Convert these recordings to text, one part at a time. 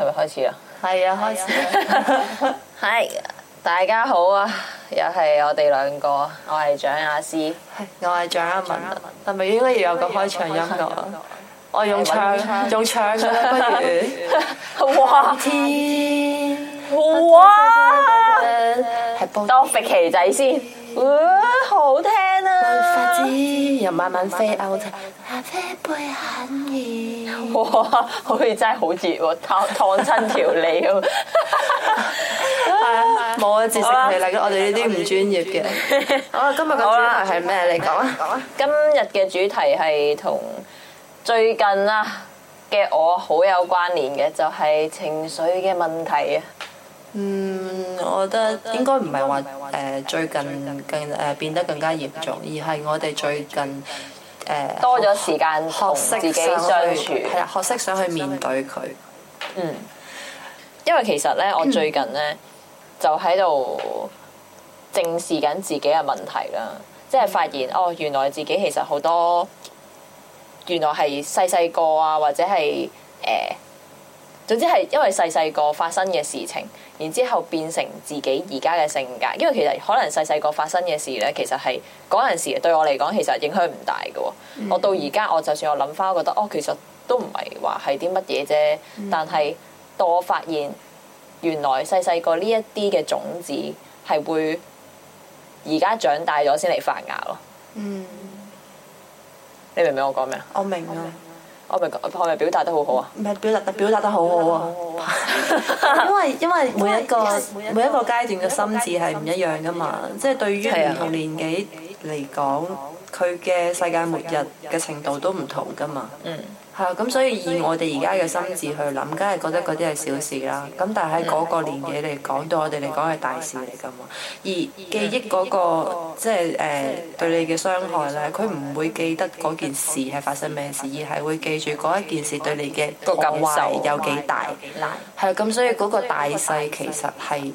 係咪開始啊？係啊，開始。係，大家好啊！又係我哋兩個，我係張雅詩，我係張雅文。係咪應該要有個開場音樂啊？我用唱，用唱，不如。哇天！哇！當肥旗仔先，好聽啊！又慢慢哇！好似真係好熱，燙燙親條脷咁。冇啊，自食其力吧我哋呢啲唔專業嘅。 好啦，今日嘅主題係咩？吧你講啊！今日嘅主題係同最近啊嘅我好有關聯嘅，就係、是、情緒嘅問題啊。嗯，我覺得應該唔係話誒最近更誒變得更加嚴重，而係我哋最近。多咗時間學識自己相處，係啦，學識想去面對佢。嗯，因為其實咧，我最近咧就喺度正視緊自己嘅問題啦，即係發現哦，原來自己其實好多，原來係細細個啊，或者係誒。呃總之係因為細細個發生嘅事情，然之後變成自己而家嘅性格。因為其實可能細細個發生嘅事呢，其實係嗰陣時對我嚟講，其實影響唔大嘅。嗯、我到而家，我就算我諗翻，我覺得哦，其實都唔係話係啲乜嘢啫。但係、嗯、到我發現，原來細細個呢一啲嘅種子係會而家長大咗先嚟發芽咯。嗯、你明唔明我講咩啊？我明我咪我咪表達得好好啊？唔係表達得表達得好好啊！ 因為因為，因為每一個 yes，每一個階段嘅心智係唔一樣噶嘛，嘛即係對於唔同年紀嚟講，佢嘅世界末日嘅程度都唔同噶嘛。嗯。係啊，咁、嗯、所以以我哋而家嘅心智去諗，梗係覺得嗰啲係小事啦。咁但係喺嗰個年紀嚟講，對我哋嚟講係大事嚟噶嘛。而記憶嗰、嗰個即係誒對你嘅傷害咧，佢唔會記得嗰件事係發生咩事，而係會記住嗰一件事對你嘅感受有幾大。係啊、嗯，咁、嗯、所以嗰個大細其實係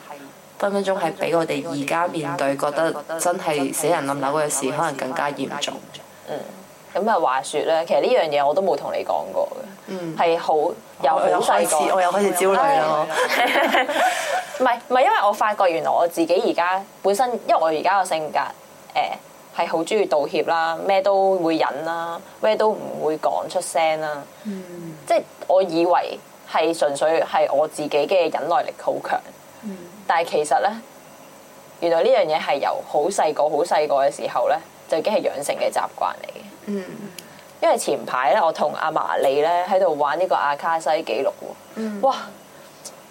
分分鐘係比我哋而家面對覺得真係死人冧樓嘅事，可能更加嚴重。嗯。咁啊，話説咧，其實呢樣嘢我都冇同你講過嘅，係好有好細個，我有開始焦慮咯，唔係唔係，因為我發覺原來我自己而家本身，因為我而家個性格誒係好鍾意道歉啦，咩都會忍啦，咩都唔會講出聲啦，即係、嗯、我以為係純粹係我自己嘅忍耐力好強，嗯、但係其實咧，原來呢樣嘢係由好細個好細個嘅時候咧就已經係養成嘅習慣嚟嘅。嗯，因為前排咧，我同阿麻利咧喺度玩呢個阿卡西記錄喎，嗯、哇，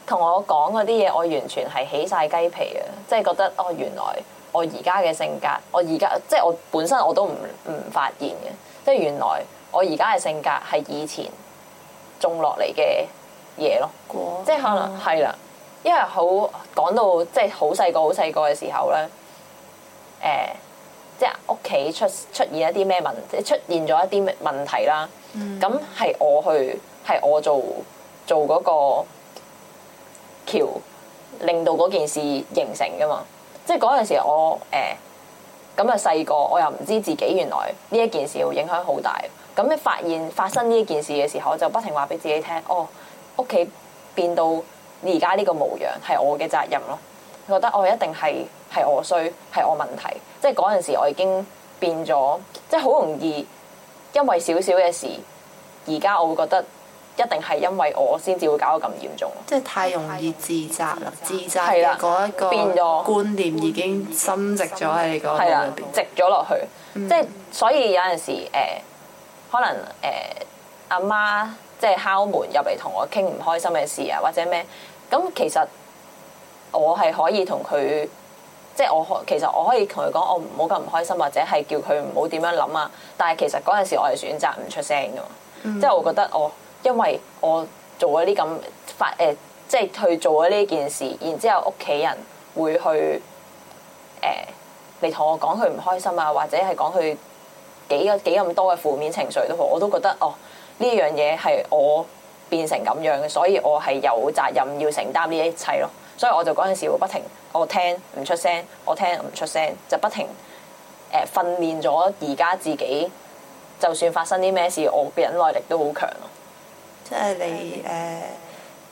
同我講嗰啲嘢，我完全係起晒雞皮啊！即係覺得哦，原來我而家嘅性格，我而家即係我本身我都唔唔發現嘅，即係原來我而家嘅性格係以前種落嚟嘅嘢咯，即係可能係啦，因為好講到即係好細個好細個嘅時候咧，誒。呃即係屋企出出現一啲咩問，出現咗一啲問題啦。咁係、嗯、我去，係我做做嗰、嗰個橋，令到嗰件事形成噶嘛。即係嗰陣時我誒咁啊細個，我又唔知自己原來呢一件事會影響好大。咁你發現發生呢一件事嘅時候，我就不停話俾自己聽，哦，屋企變到你而家呢個模樣係我嘅責任咯。覺得我、哦、一定係係我衰係我問題，即係嗰陣時我已經變咗，即係好容易因為少少嘅事，而家我會覺得一定係因為我先至會搞到咁嚴重，即係太容易自責啦，自責係啦，嗰一個變咗觀念已經深植咗喺你嗰度係啦，植咗落去，嗯、即係所以有陣時誒、呃，可能誒呃、阿媽即係敲門入嚟同我傾唔開心嘅事啊，或者咩咁其實。我係可以同佢即係我可，其實我可以同佢講，我唔好咁唔開心，或者係叫佢唔好點樣諗啊。但係其實嗰陣時我，我係選擇唔出聲㗎嘛。即係我覺得我、哦、因為我做咗啲咁發誒，即係去做咗呢件事，然之後屋企人會去誒、呃，你同我講佢唔開心啊，或者係講佢幾個幾咁多嘅負面情緒都好，我都覺得哦呢樣嘢係我變成咁樣嘅，所以我係有責任要承擔呢一切咯。所以我就嗰陣時會不停我聽唔出聲，我聽唔出聲，就不停誒、呃、訓練咗而家自己，就算發生啲咩事，我嘅忍耐力都好強咯。即係你誒、呃、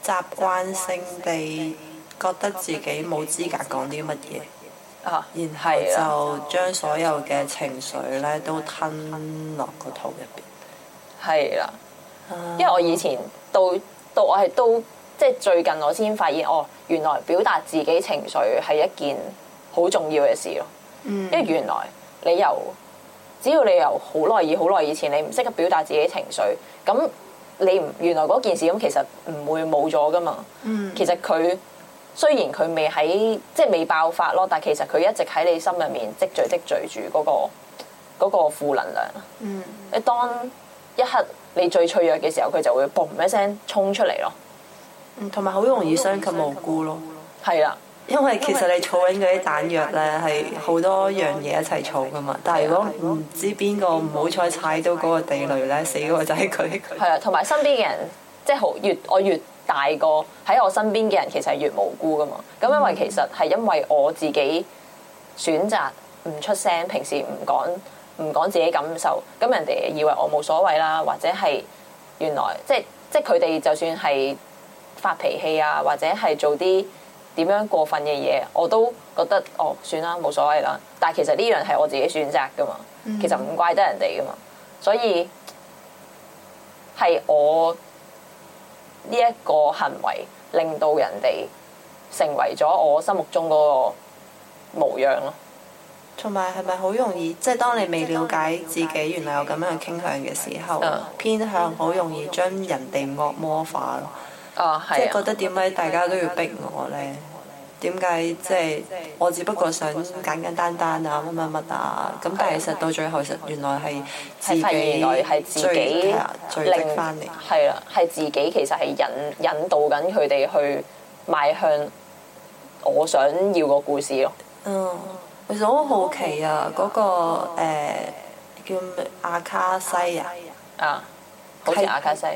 習慣性地覺得自己冇資格講啲乜嘢，然後就將所有嘅情緒咧都吞落個肚入邊。係啦、啊，因為我以前到到我係都。即係最近我先發現哦，原來表達自己情緒係一件好重要嘅事咯。嗯、因為原來你由只要你由好耐以好耐以前，你唔識得表達自己情緒，咁你唔原來嗰件事咁，其實唔會冇咗噶嘛。嗯、其實佢雖然佢未喺即係未爆發咯，但其實佢一直喺你心入面積聚積聚住嗰個嗰、嗰個負能量。嗯，當一刻你最脆弱嘅時候，佢就會嘣一聲衝出嚟咯。同埋好容易傷及無辜咯，係啦的，因為其實你儲緊嗰啲彈藥咧，係好多樣嘢一齊儲噶嘛。的但係如果唔知邊個唔好彩踩到嗰個地雷咧，的死嗰個就係佢。係啊，同埋身邊嘅人，即係好越我越大個喺我身邊嘅人，其實係越無辜噶嘛。咁因為其實係因為我自己選擇唔出聲，平時唔講唔講自己感受，咁人哋以為我冇所謂啦，或者係原來即係即係佢哋就算係。發脾氣啊，或者係做啲點樣過分嘅嘢，我都覺得哦，算啦，冇所謂啦。但係其實呢樣係我自己選擇噶嘛，嗯、其實唔怪得人哋噶嘛。所以係我呢一個行為令到人哋成為咗我心目中嗰個模樣咯。同埋係咪好容易？即係當你未了解自己，原來有咁樣嘅傾向嘅時候，嗯、偏向好容易將人哋惡魔化咯。哦，啊、即係覺得點解大家都要逼我咧？點解即係我只不過想簡簡單單啊，乜乜乜啊？咁但係實到最後實，原來係自己，原來係自己令翻嚟，係啦，係、啊、自己其實係引引導緊佢哋去邁向我想要個故事咯。嗯，其實我好奇啊，嗰、那個誒、哦欸、叫咩阿、啊、卡西啊，啊好似阿卡西。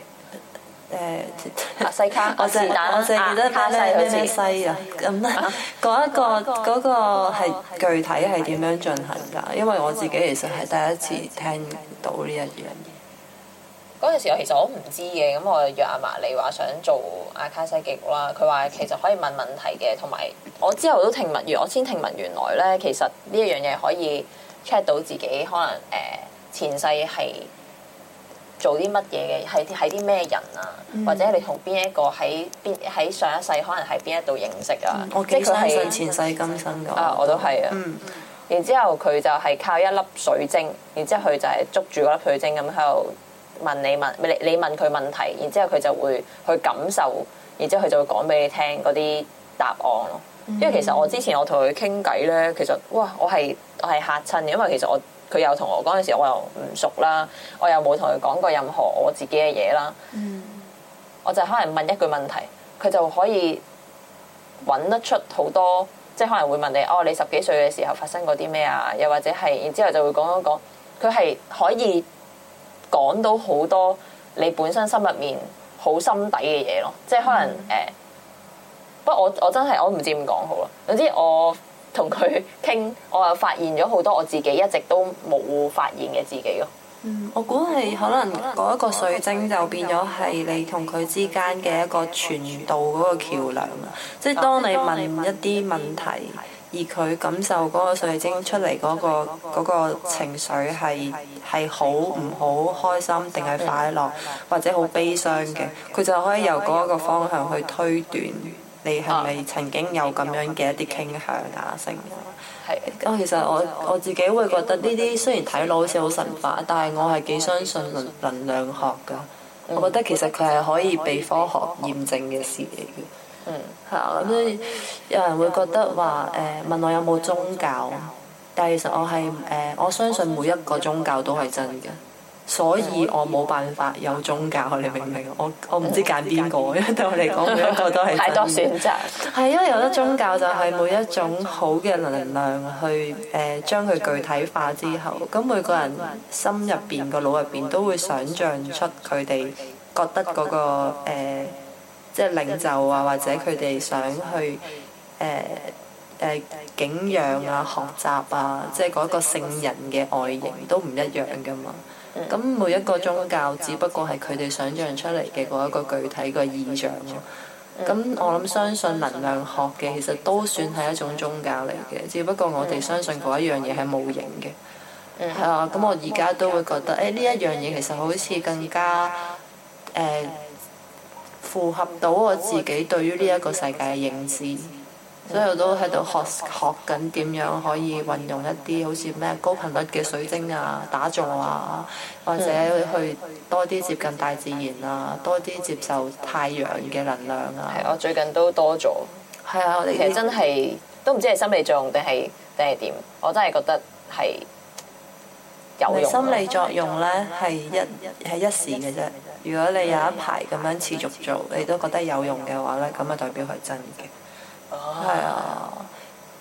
誒，西卡，我我我凈係記得把咧咩西啊，咁咧嗰一個嗰、那個係具體係點樣進行㗎？因為我自己其實係第一次聽到呢、這個、一樣嘢、這個。嗰陣時我其實我唔知嘅，咁我約阿嫲嚟話想做阿卡西記錄啦。佢話其實可以問問題嘅，同埋我之後都聽聞，我先聽聞原來咧，其實呢一樣嘢可以 check 到自己可能誒、呃、前世係。做啲乜嘢嘅？係啲係啲咩人啊？嗯、或者你同邊一個喺邊喺上一世可能喺邊一度認識啊？嗯、我幾相信前世今生咁啊，我都係啊。啊嗯、然之後佢就係靠一粒水晶，然之後佢就係捉住嗰粒水晶咁喺度問你問你你問佢問題，然之後佢就會去感受，然之後佢就會講俾你聽嗰啲答案咯。嗯、因為其實我之前我同佢傾偈咧，其實哇，我係我係嚇親嘅，因為其實我。佢又同我講嘅時候，我又唔熟啦，我又冇同佢講過任何我自己嘅嘢啦，嗯、我就可能問一句問題，佢就可以揾得出好多，即係可能會問你哦，你十幾歲嘅時候發生過啲咩啊？又或者係然之後就會講一講，佢係可以講到好多你本身心入面好心底嘅嘢咯，即係可能誒、呃，不過我我真係我唔知點講好啦，總之我，同佢傾，我又發現咗好多我自己一直都冇發現嘅自己咯。嗯，我估係可能嗰一個水晶就變咗係你同佢之間嘅一個傳導嗰個橋梁啦。即係當你問一啲問題，而佢感受嗰個水晶出嚟嗰個嗰個情緒係係好唔好開心定係快樂，或者好悲傷嘅，佢就可以由嗰一個方向去推斷。你係咪曾經有咁樣嘅一啲傾向啊？成啊、嗯，係。咁其實我我自己會覺得呢啲雖然睇落好似好神化，但係我係幾相信能能量學㗎。我覺得其實佢係可以被科學驗證嘅事嚟嘅。嗯，係啊。咁所以有人會覺得話誒、呃、問我有冇宗教，但係其實我係誒、呃、我相信每一個宗教都係真嘅。所以我冇辦法有宗教，嗯、你明唔明、嗯？我我唔知揀邊個，因為、嗯、 對我嚟講，每一個都係太多選擇。係 因為有得宗教就係每一種好嘅能量去，去、呃、誒將佢具體化之後，咁每個人心入邊、個腦入邊都會想像出佢哋覺得嗰、嗰個即係、呃即係、領袖啊，或者佢哋想去誒誒景仰啊、學習啊，即係嗰個聖人嘅外形都唔一樣噶嘛。咁每一個宗教，只不過係佢哋想像出嚟嘅嗰一個具體嘅意象咯。咁、嗯、我諗相信能量學嘅，其實都算係一種宗教嚟嘅，只不過我哋相信嗰一樣嘢係無形嘅。係、嗯、啊，咁我而家都會覺得，誒呢一樣嘢其實好似更加、欸、符合到我自己對於呢一個世界嘅認知。嗯、所以我都喺度學學緊點樣可以運用一啲好似咩高頻率嘅水晶啊、打坐啊，或者去多啲接近大自然啊，多啲接受太陽嘅能量啊。係，我最近都多咗。係啊，我哋其實真係都唔知係心理作用定係定係點。我真係覺得係有用。心理作用咧係一係一時嘅啫。如果你有一排咁樣持續做，你都覺得有用嘅話咧，咁啊代表係真嘅。係、哦、啊，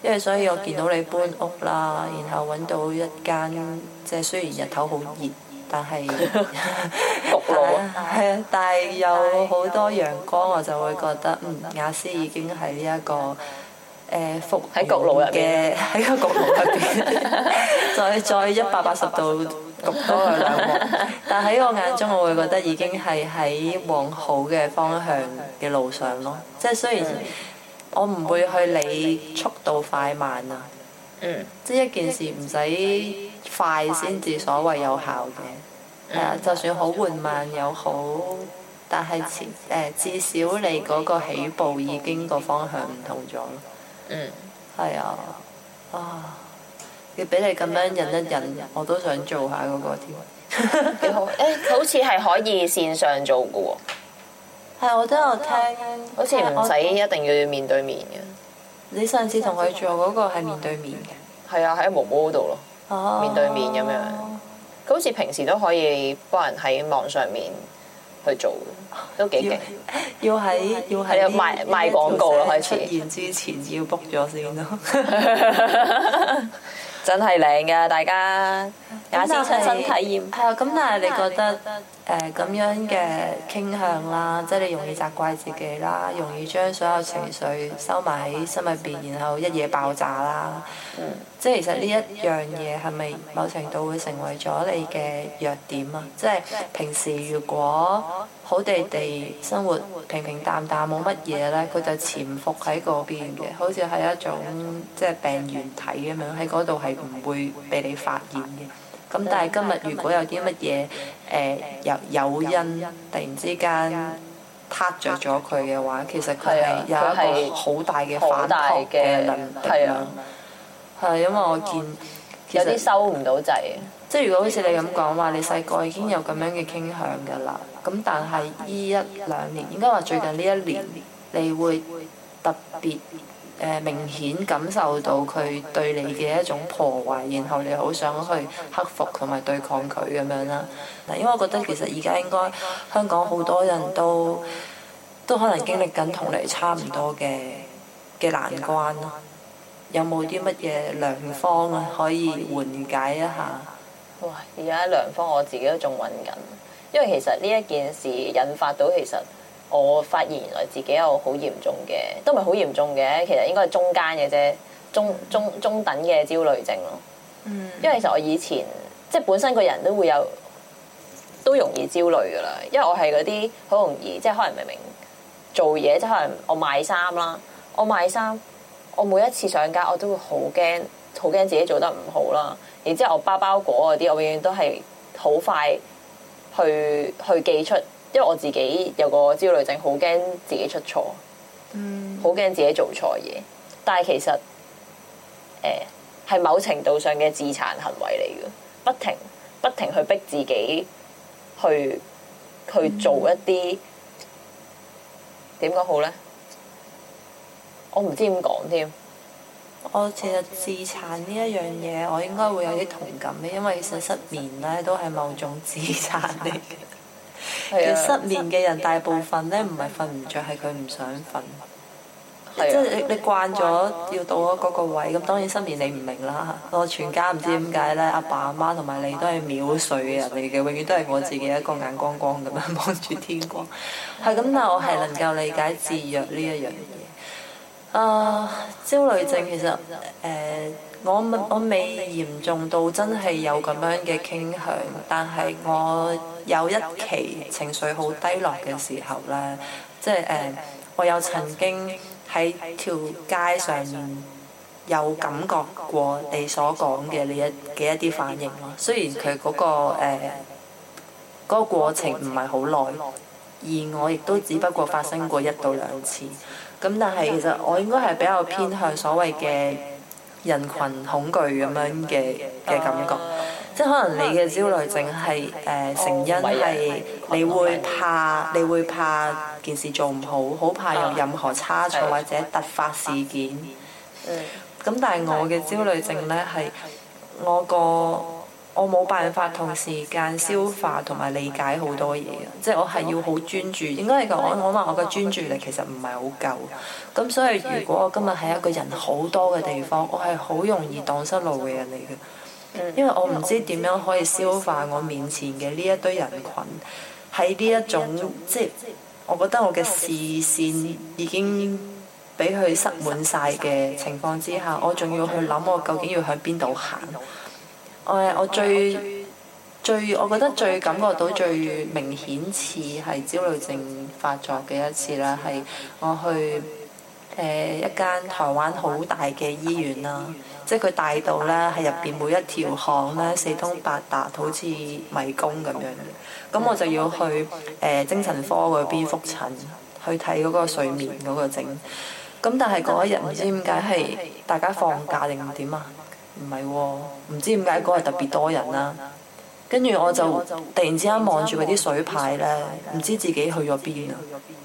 因為所以我見到你搬屋啦，然後揾到一間，即係雖然日頭好熱，但係 焗路喎。啊， 啊但係有好多陽光，我就會覺得嗯，雅思已經係呢一個誒福喺焗爐嘅，喺個焗爐入邊，再再一百八十度焗多佢兩步。 但喺我眼中，我會覺得已經係喺往好嘅方向嘅路上咯。即係、 嗯、雖然。 我唔會去理速度快慢啊，嗯、即係一件事唔使快先至所謂有效嘅，係、嗯、啊，就算好緩慢又好，但係是、欸、至少你嗰個起步已經個方向唔同咗咯，嗯，係啊，啊，要俾你咁樣忍一忍，我都想做下嗰個，幾好， 欸、好似係可以線上做嘅喎、哦。係，我都有聽。好似唔使一定要面對面嘅，嗯。你上次同佢做嗰個係面對面嘅？係啊，喺毛毛度咯。哦，面對面咁樣，佢好似平時都可以幫人喺網上面去做，都幾勁。要喺要喺賣賣廣告咯，開始之前要 book 咗先咯。 真係靚噶，大家假先親身體驗。係啊，嗯，咁但係你覺得？咁樣嘅傾向啦，即係你容易責怪自己啦，容易將所有情緒收埋喺心入邊，然後一夜爆炸啦。嗯、即係其實呢一樣嘢係咪某程度會成為咗你嘅弱點啊？即係平時如果好地地生活平平淡淡冇乜嘢呢，佢就潛伏喺嗰邊嘅，好似係一種即係、就係、病原體咁樣喺嗰度係唔會被你發現嘅。咁但係今日如果有啲乜嘢誒有因，突然之間撻着咗佢嘅話，其實佢係有一個好大嘅反彈嘅能量，係啊，係、啊、因為我見其實有啲收唔到掣，即係如果好似你咁講話，你細個已經有咁樣嘅傾向㗎啦。咁但係呢一兩年，應該話最近呢一年，你會特別。明顯感受到佢對你嘅一種破壞，然後你好想去克服同埋對抗佢咁樣啦。嗱，因為我覺得其實而家應該香港好多人都都可能經歷緊同你差唔多嘅嘅難關咯。有冇啲乜嘢良方啊？可以緩解一下？哇！而家良方我自己都仲揾緊，因為其實呢一件事引發到其實。我發現原來自己有好嚴重嘅，都唔係好嚴重嘅，其實應該係中間嘅啫，中中中等嘅焦慮症咯。嗯，因為其實我以前即係本身個人都會有，都容易焦慮噶啦。因為我係嗰啲好容易，即係可能明明做嘢，即係可能我買衫啦，我買衫，我每一次上街，我都會好驚，好驚自己做得唔好啦。然之後我包包裹嗰啲，我永遠都係好快去去寄出。因為我自己有個焦慮症，好驚自己出錯，好驚自己做錯嘢。但係其實，誒、呃，係某程度上嘅自殘行為嚟嘅，不停不停去逼自己去去做一啲點講好呢？我唔知點講添。我其實自殘呢一樣嘢，我應該會有啲同感嘅，因為其實失眠咧都係某種自殘嚟嘅。其實、啊、失眠嘅人大部分呢，唔係瞓唔着，係佢唔想瞓。啊、即係你你慣咗要到咗嗰個位，咁當然失眠你唔明啦。我全家唔知點解呢，阿爸阿媽同埋你都係秒睡嘅人嚟嘅，永遠都係我自己一個眼光光咁樣望住天光。係咁， 但我係能夠理解自虐呢一樣嘢。啊、呃，焦慮症其實誒。呃我我未嚴重到真係有咁樣嘅傾向，但係我有一期情緒好低落嘅時候呢，即係誒、呃，我有曾經喺條街上有感覺過你所講嘅你一嘅一啲反應咯。雖然佢嗰、嗰個誒嗰、呃嗰個、過程唔係好耐，而我亦都只不過發生過一到兩次，咁但係其實我應該係比較偏向所謂嘅。人群恐懼咁樣嘅嘅感覺，啊、即係可能你嘅焦慮症係誒、呃、成因係你會怕你會怕件事做唔好，好怕有任何差錯或者突發事件。咁、嗯嗯、但係我嘅焦慮症呢，係、嗯、我個。我冇辦法同時間消化同埋理解好多嘢，即係我係要好專注。應該嚟講，可能我話我嘅專注力其實唔係好夠。咁所以，如果我今日喺一個人好多嘅地方，我係好容易蕩失路嘅人嚟嘅，因為我唔知點樣可以消化我面前嘅呢一堆人群。喺呢一種即係我覺得我嘅視線已經俾佢塞滿晒嘅情況之下，我仲要去諗我究竟要向邊度行？我最我最，最我覺得最感覺到最明顯似係焦慮症發作嘅一次啦，係我去誒、呃、一間台灣好大嘅醫院啦，即係佢大到咧，喺入邊每一條巷咧，四通八達，好似迷宮咁樣。咁我就要去誒、呃、精神科嗰邊複診，去睇嗰個睡眠嗰個症。咁但係嗰一日唔知點解係大家放假定點啊？唔係，唔、啊、知點解嗰日特別多人啦、啊。跟住我就突然之間望住嗰啲水牌咧，唔知自己去咗邊啊！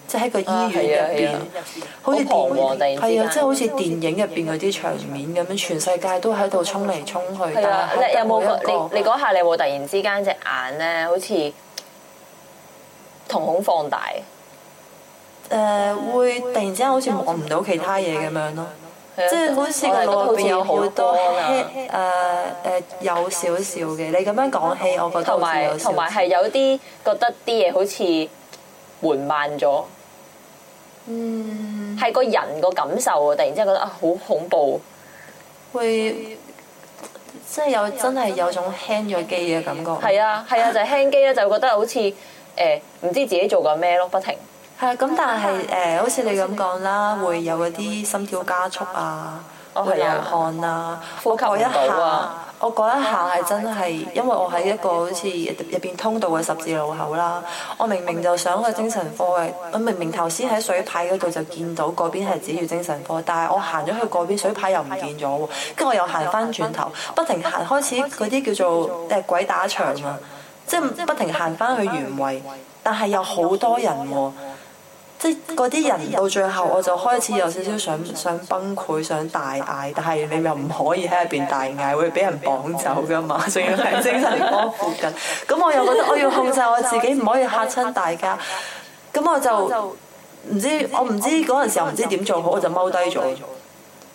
即係喺個醫院入邊，啊啊啊、好似彷徨定係啊！即係、就是、好似電影入邊嗰啲場面咁樣，全世界都喺度衝嚟衝去。啦、啊，你有冇？你你嗰下你會突然之間隻眼咧，好似瞳孔放大。誒、呃，會突然之間好似望唔到其他嘢咁樣咯、啊。即係好似個路邊有好多，誒誒有少少嘅。你咁樣講起，我覺得同埋同埋係有啲覺得啲嘢好似緩慢咗。嗯，係個人個感受啊！突然之間覺得啊，好恐怖，會即係有真係有種輕咗機嘅感覺。係啊係啊，就輕機啦，就覺得好似誒唔知自己做緊咩咯，不停。係啊，咁、嗯、但係誒，好、呃、似你咁講啦，會有嗰啲心跳加速啊，我會流汗啊，呼吸一下。我嗰一下係真係，因為我喺一個好似入入邊通道嘅十字路口啦。我明明就想去精神科嘅，我明明頭先喺水牌嗰度就見到嗰邊係指住精神科，但係我行咗去嗰邊，水牌又唔見咗喎。跟住我又行翻轉頭，不停行開始嗰啲叫做誒鬼打牆啊，即係不停行翻去原位，但係有好多人喎、啊。即係嗰啲人到最後，我就開始有少少想想崩潰、想大嗌，但係你又唔可以喺入邊大嗌，會俾人綁走噶嘛，仲要喺精神科附近。咁我又覺得我要控制我自己，唔可以嚇親大家。咁我就唔知，我唔知嗰陣時又唔知點做好，我就踎低咗。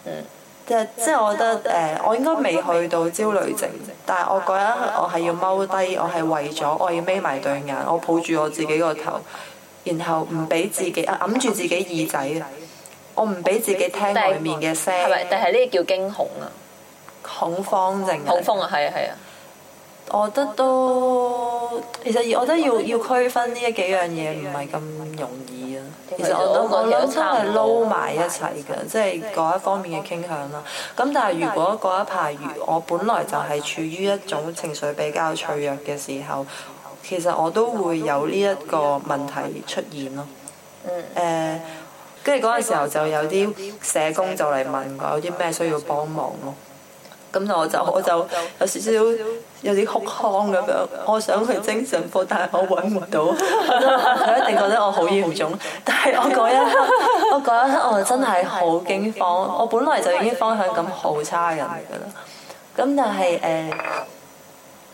嗯，即係即係，我覺得誒，我應該未去到焦慮症，但係我覺得我係要踎低，我係為咗我要眯埋對眼，我抱住我自己個頭。然後唔俾自己啊揞住自己耳仔，耳我唔俾自己聽外面嘅聲，係咪？但係呢個叫驚恐啊，恐慌症啊，恐慌啊，係啊係啊，啊我覺得都其實我覺得要要區分呢一幾樣嘢唔係咁容易啊。其實我，覺得我都我覺得都真係撈埋一齊嘅，即係嗰一方面嘅傾向啦。咁但係如果嗰一排如我本來就係處於一種情緒比較脆弱嘅時候，其實我都會有呢一個問題出現咯。誒、嗯，跟住嗰陣時候就有啲社工就嚟問我有啲咩需要幫忙咯。咁我就我就有少少有啲哭腔咁樣，我想去精神科，但係我揾唔到。佢 一定覺得我好嚴重， 但係我嗰一刻我嗰一刻我真係好驚慌。 我本來就已經方向感好差人㗎啦。咁但係誒。呃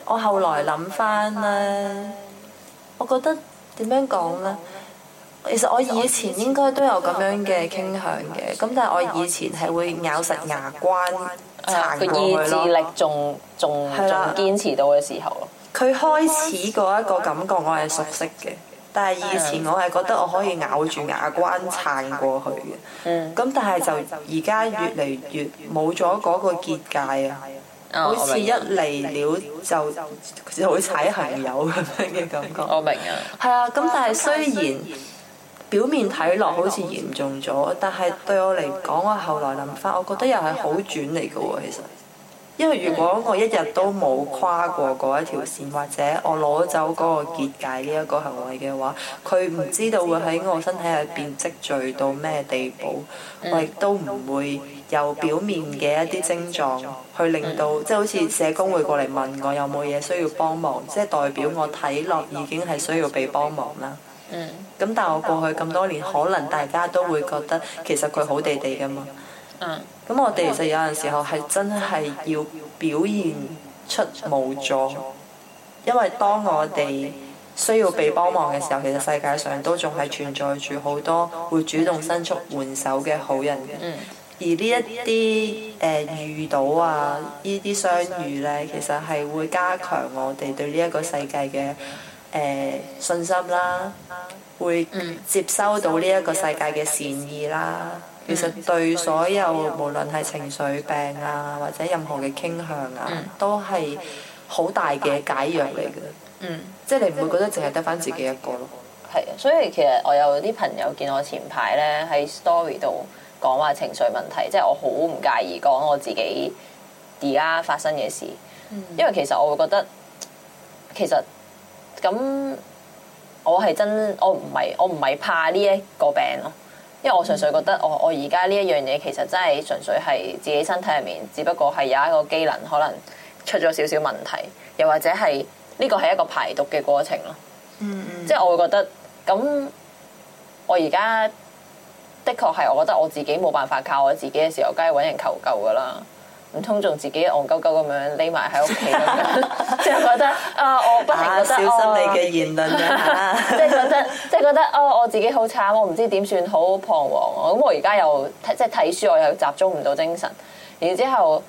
我後來諗翻咧，我覺得點樣講呢？其實我以前應該都有咁樣嘅傾向嘅，咁但係我以前係會咬實牙關撐、嗯、意志力，仲仲堅持到嘅時候，佢開始嗰一個感覺我係熟悉嘅，但係以前我係覺得我可以咬住牙關撐過去嘅。咁、嗯、但係就而家越嚟越冇咗嗰個結界啊！Oh, 好似一嚟了就了就，就會踩行友咁樣嘅感覺，我明啊。係啊，咁但係雖然表面睇落好似嚴重咗，但係對我嚟講，我後來諗返，我覺得又係好轉嚟嘅喎。其實，因為如果我一日都冇跨過嗰一條線，或者我攞走嗰個結界呢一個行為嘅話，佢唔知道會喺我身體入邊積聚到咩地步，我亦都唔會。由表面嘅一啲症狀，去令到、嗯、即係好似社工會過嚟問我有冇嘢需要幫忙，嗯、即係代表我睇落已經係需要被幫忙啦。咁、嗯、但係我過去咁多年，可能大家都會覺得其實佢好地地噶嘛。咁、嗯、我哋其實有陣時候係真係要表現出無助，因為當我哋需要被幫忙嘅時候，其實世界上都仲係存在住好多會主動伸出援手嘅好人嘅。嗯。而呢一啲誒、呃、遇到啊，呢啲相遇咧，其實係會加強我哋對呢一個世界嘅誒、呃、信心啦，會接收到呢一個世界嘅善意啦。嗯、其實對所有無論係情緒病啊，或者任何嘅傾向啊，嗯、都係好大嘅解藥嚟嘅。嗯、即係你唔會覺得淨係得翻自己一個咯。係啊，所以其實我有啲朋友見我前排咧喺 story 度。講話情緒問題，即係我好唔介意講我自己而家發生嘅事，mm hmm. 因為其實我會覺得其實咁我係真，我唔係我唔係怕呢一個病咯，因為我純粹覺得我、mm hmm. 我而家呢一樣嘢其實真係純粹係自己身體入面，只不過係有一個機能可能出咗少少問題，又或者係呢個係一個排毒嘅過程咯。Mm hmm. 即係我會覺得咁我而家。的確係，我覺得我自己冇辦法靠我自己嘅時候，梗係搵人求救噶啦。唔通仲自己戇鳩鳩咁樣匿埋喺屋企？即係 覺得啊、呃，我不停覺得、啊、小心你嘅言論即係真真，即係 覺得哦、就是呃，我自己好慘，我唔知點算，好彷徨。咁、嗯、我而家又即係睇書，我又集中唔到精神。然之後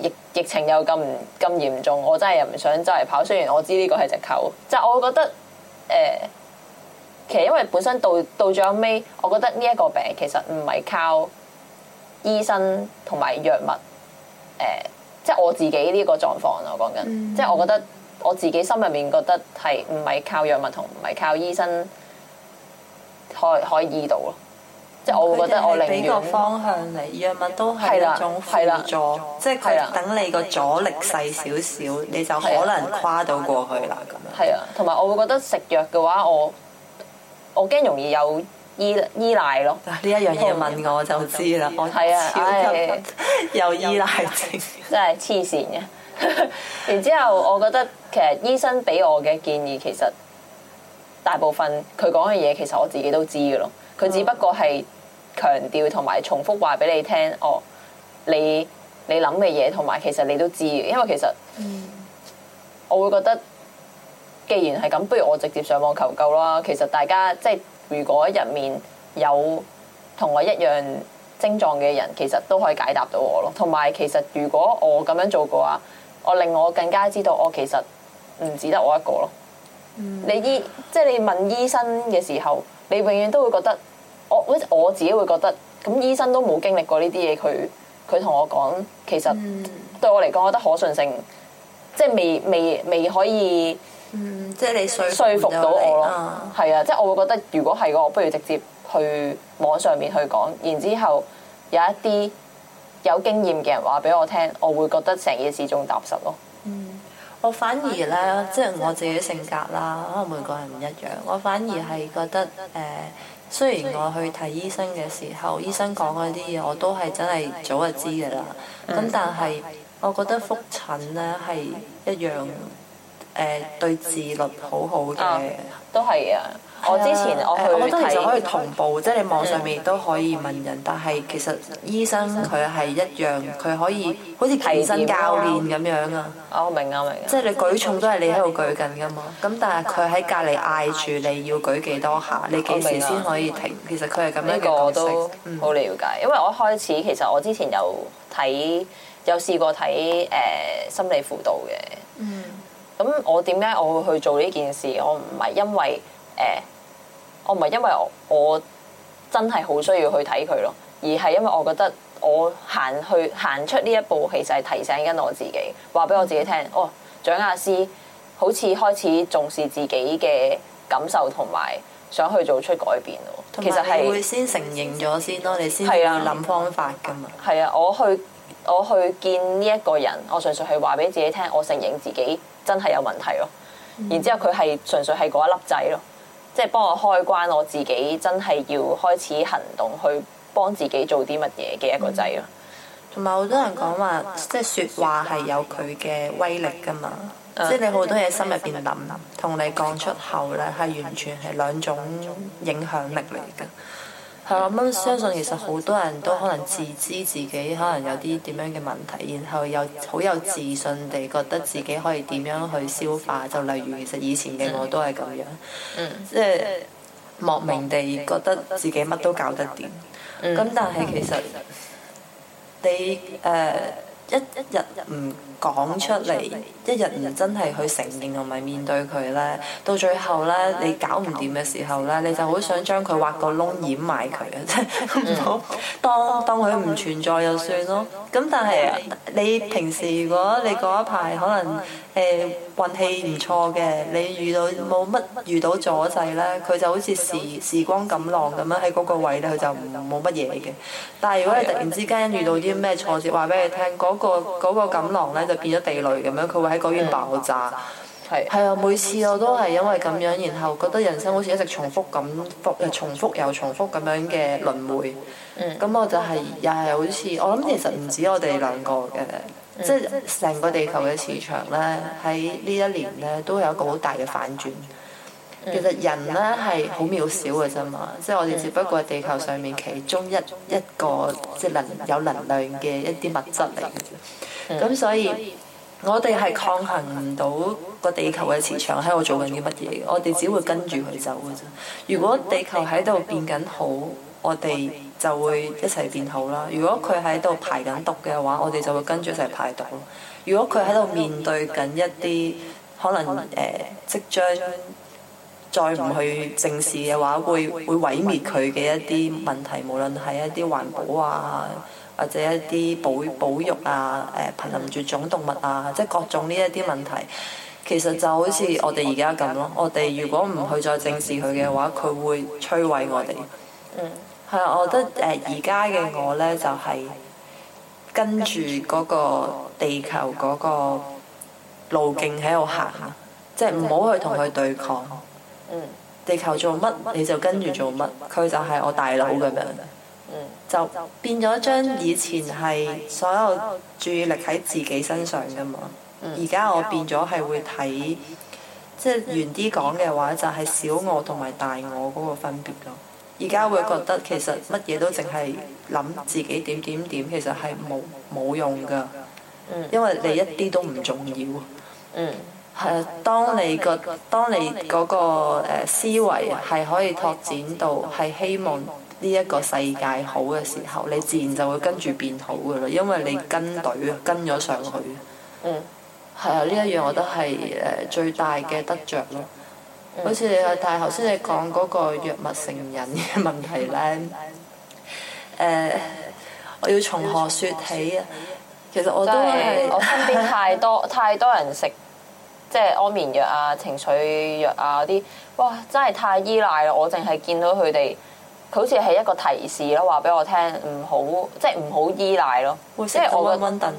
疫疫情又咁咁嚴重，我真係又唔想周圍跑。雖然我知呢個係隻球，就是、我覺得誒。呃其實因為本身到到咗後尾，我覺得呢一個病其實唔係靠醫生同埋藥物，誒、呃，即、就、係、是、我自己呢個狀況我講緊，即係、嗯、我覺得我自己心入面覺得係唔係靠藥物同唔係靠醫生可以可以醫到咯？即、就、係、是、我會覺得我寧願個方向嚟藥物都係一種輔助，即係佢等你個阻力細少少，你就可能跨到過去啦。咁樣係啊，同埋我會覺得食藥嘅話，我我驚容易有依依賴咯，呢一、嗯、樣嘢，問我就知啦。我係啊，又級、哎、 依賴症，真係黐線嘅。然之後，我覺得其實醫生俾我嘅建議，其實大部分佢講嘅嘢，其實我自己都知嘅咯。佢只不過係強調同埋重複話俾你聽，哦，你你諗嘅嘢，同埋其實你都知，因為其實我會覺得。既然係咁，不如我直接上網求救啦。其實大家即係如果入面有同我一樣症狀嘅人，其實都可以解答到我咯。同埋，其實如果我咁樣做嘅話，我令我更加知道我其實唔只得我一個咯。嗯，你醫即係你問醫生嘅時候，你永遠都會覺得我，或者我自己會覺得咁，醫生都冇經歷過呢啲嘢，佢佢同我講，其實對我嚟講，我覺得可信性即係未未未可以。嗯，即係你，說服，你說服到我咯，係啊、嗯，即係我會覺得如果係我不如直接去網上面去講，然之後有一啲有經驗嘅人話俾我聽，我會覺得成件事仲踏實咯，嗯。我反而呢，即係我自己性格啦，可能每個人唔一樣。我反而係覺得誒、呃，雖然我去睇醫生嘅時候，醫生講嗰啲嘢，我都係真係早就知噶啦。咁，嗯、但係，我覺得複診呢係一樣。誒、呃、對自律好好嘅、啊，都係啊！我之前我去、啊、我覺得其實可以同步，嗯、即係你網上面都可以問人，但係其實醫生佢係一樣，佢、嗯、可以好似健身教練咁樣啊！哦，明啊，明啊，即係你舉重都係你喺度舉緊噶嘛？咁但係佢喺隔離嗌住你要舉幾多下，你幾時先可以停？嗯、其實佢係咁樣一個我都好了解，嗯、因為我一開始其實我之前有睇有試過睇誒、呃、心理輔導嘅，嗯。咁我點解我會去做呢件事？我唔係因為誒、呃，我唔係因為我我真係好需要去睇佢咯，而係因為我覺得我行去行出呢一步，其實係提醒緊我自己，話俾我自己聽。嗯、哦，蔣亞詩好似開始重視自己嘅感受，同埋想去做出改變咯。其實係會先承認咗先咯，你先係呀，諗方法噶嘛。係啊，我去我去見呢一個人，我純粹係話俾自己聽，我承認自己。真係有問題咯，嗯、然之後佢係純粹係嗰一粒仔咯，即係幫我開關我自己，真係要開始行動去幫自己做啲乜嘢嘅一個仔咯。同埋好多人講話，即係說話係有佢嘅威力㗎嘛，嗯、即係你好多嘢心入邊諗諗，同你講出口咧係完全係兩種影響力嚟㗎。係咁相信，其實好多人都可能自知自己可能有啲點樣嘅問題，然後又好有自信地覺得自己可以點樣去消化。就例如其實以前嘅我都係咁樣，嗯、即係莫名地覺得自己乜都搞得掂。咁、嗯、但係其實你誒、uh, 一一日唔～講出嚟，一日唔真係去承認同埋面對佢呢，到最後呢，你搞唔掂嘅時候呢，你就好想將佢挖個窿掩埋佢，即係唔好，當當佢唔存在就算咯。咁但係你平時如果你嗰一排可能誒運氣唔錯嘅，你遇到冇乜遇到阻滯呢，佢就好似時時光錦囊咁樣喺嗰個位呢，佢就唔冇乜嘢嘅。但係如果你突然之間遇到啲咩挫折，話俾你聽，嗰個嗰個錦囊呢就～變咗地雷咁樣，佢會喺嗰邊爆炸。係啊、嗯，每次我都係因為咁樣，然後覺得人生好似一直重複咁複，誒重複又重複咁樣嘅輪迴。咁、嗯、我就係又係好似，我諗其實唔止我哋兩個嘅，嗯、即係成個地球嘅磁場呢，喺呢一年呢，都有一個好大嘅反轉。嗯、其實人呢係好渺小嘅啫嘛，嗯、即係我哋只不過係地球上面其中一中一，一個即係能有能量嘅一啲物質嚟嘅啫。咁、嗯嗯、所以，我哋係抗衡唔到個地球嘅磁場喺度做緊啲乜嘢嘅，嗯、我哋只會跟住佢走嘅啫。如果地球喺度變緊好，我哋就會一齊變好啦。如果佢喺度排緊毒嘅話，我哋就會跟住一齊排毒咯。如果佢喺度面對緊一啲可能誒、呃、即將再唔去正視嘅話，會會毀滅佢嘅一啲問題，無論係一啲環保啊、或者一啲保保育啊、誒瀕臨絕種動物啊，即係各種呢一啲問題，其實就好似我哋而家咁咯。我哋如果唔去再正視佢嘅話，佢會摧毀我哋。係啊、嗯嗯，我覺得誒而家嘅我咧，就係、是、跟住嗰個地球嗰個路徑喺度行，即係唔好去同佢對抗。嗯、地球做乜你就跟住做乜，佢就係我大佬咁樣。就變咗將以前係所有注意力喺自己身上噶嘛，而家、嗯、我變咗係會睇，即係遠啲講嘅話就係、是、小我同埋大我嗰個分別咯。而家會覺得其實乜嘢都淨係諗自己點點點，其實係冇冇用噶，因為你一啲都唔重要。嗯、啊，當你個當你嗰個思維係可以拓展到係希望，呢一個世界好嘅時候，你自然就會跟住變好嘅啦，因為你跟隊，跟咗上去。嗯，係啊，呢一樣我覺得係誒、嗯、最大嘅得着咯。好似、嗯、但係頭先你講嗰個藥物成癮嘅問題咧，誒、嗯呃，我要從何説起啊？其實我都係我身邊太多 太多人食即係安眠藥啊、情緒藥啊啲，哇！真係太依賴啦，我淨係見到佢哋。 好似係一個提示咯，話俾我聽唔好，即係唔好依賴咯。即係我覺得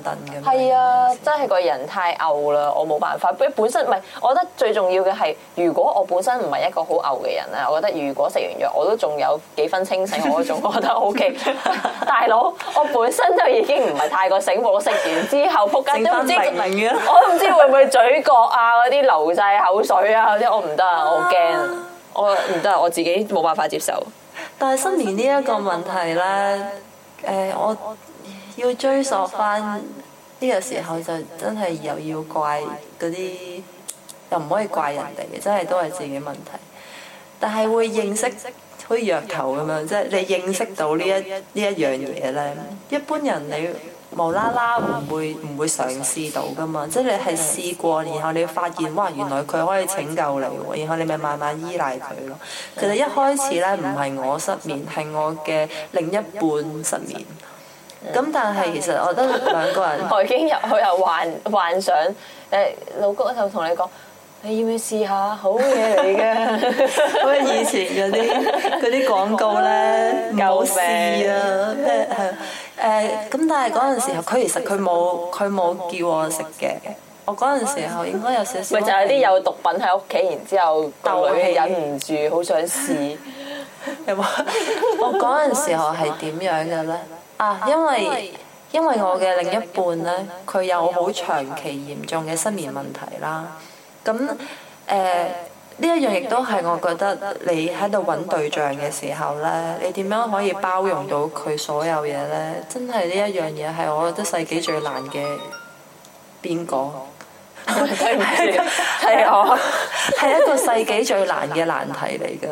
係啊，真係個人太嘔啦，我冇辦法。不本身唔係，我覺得最重要嘅係，如果我本身唔係一個好嘔嘅人咧，我覺得如果食完藥我都仲有幾分清醒，我仲覺得 OK。 大佬，我本身就已經唔係太過醒目。我食完之後，仆街 都唔知點明，我唔知會唔會嘴角啊嗰啲流晒口水啊嗰啲，我唔得啊，我驚， 我唔得啊，我自己冇辦法接受。但係失眠呢一個問題呢，誒、嗯呃，我要追溯翻呢個時候就真係又要怪嗰啲，嗯、又唔可以怪人哋嘅，真係都係自己問題。但係會認識，好似約頭咁樣，嗯、即係你認識到呢一呢、嗯、一樣嘢呢，嗯、一般人你。無啦啦唔會唔會嘗試到噶嘛？即係你係試過，然後你發現，哇，原來佢可以拯救你，然後你咪慢慢依賴佢咯。其實一開始咧，唔係我失眠，係我嘅另一半失眠。咁、嗯、但係其實，我覺得兩個人 我已經入去又幻幻想。誒，老公就同你講，你要唔要試下？好嘢嚟嘅！ 」命好啊，以前嗰啲嗰啲廣告咧，有事啊～誒，咁、呃、但係嗰陣時候，佢是其實佢冇佢冇叫我食嘅。我嗰陣時候應該有少少。咪就係、是、啲有，有毒品喺屋企，然後之後個女忍唔住，好 想試。有冇？我嗰陣時候係點樣嘅咧？ 啊，因為因為我嘅另一半咧，佢有好長期嚴重嘅失眠問題啦。咁誒。呃呢一樣亦都係我覺得你喺度揾對象嘅時候呢，你點樣可以包容到佢所有嘢呢？真係呢一樣嘢係我覺得世紀最難嘅邊個？係我係一個世紀最難嘅難題嚟㗎。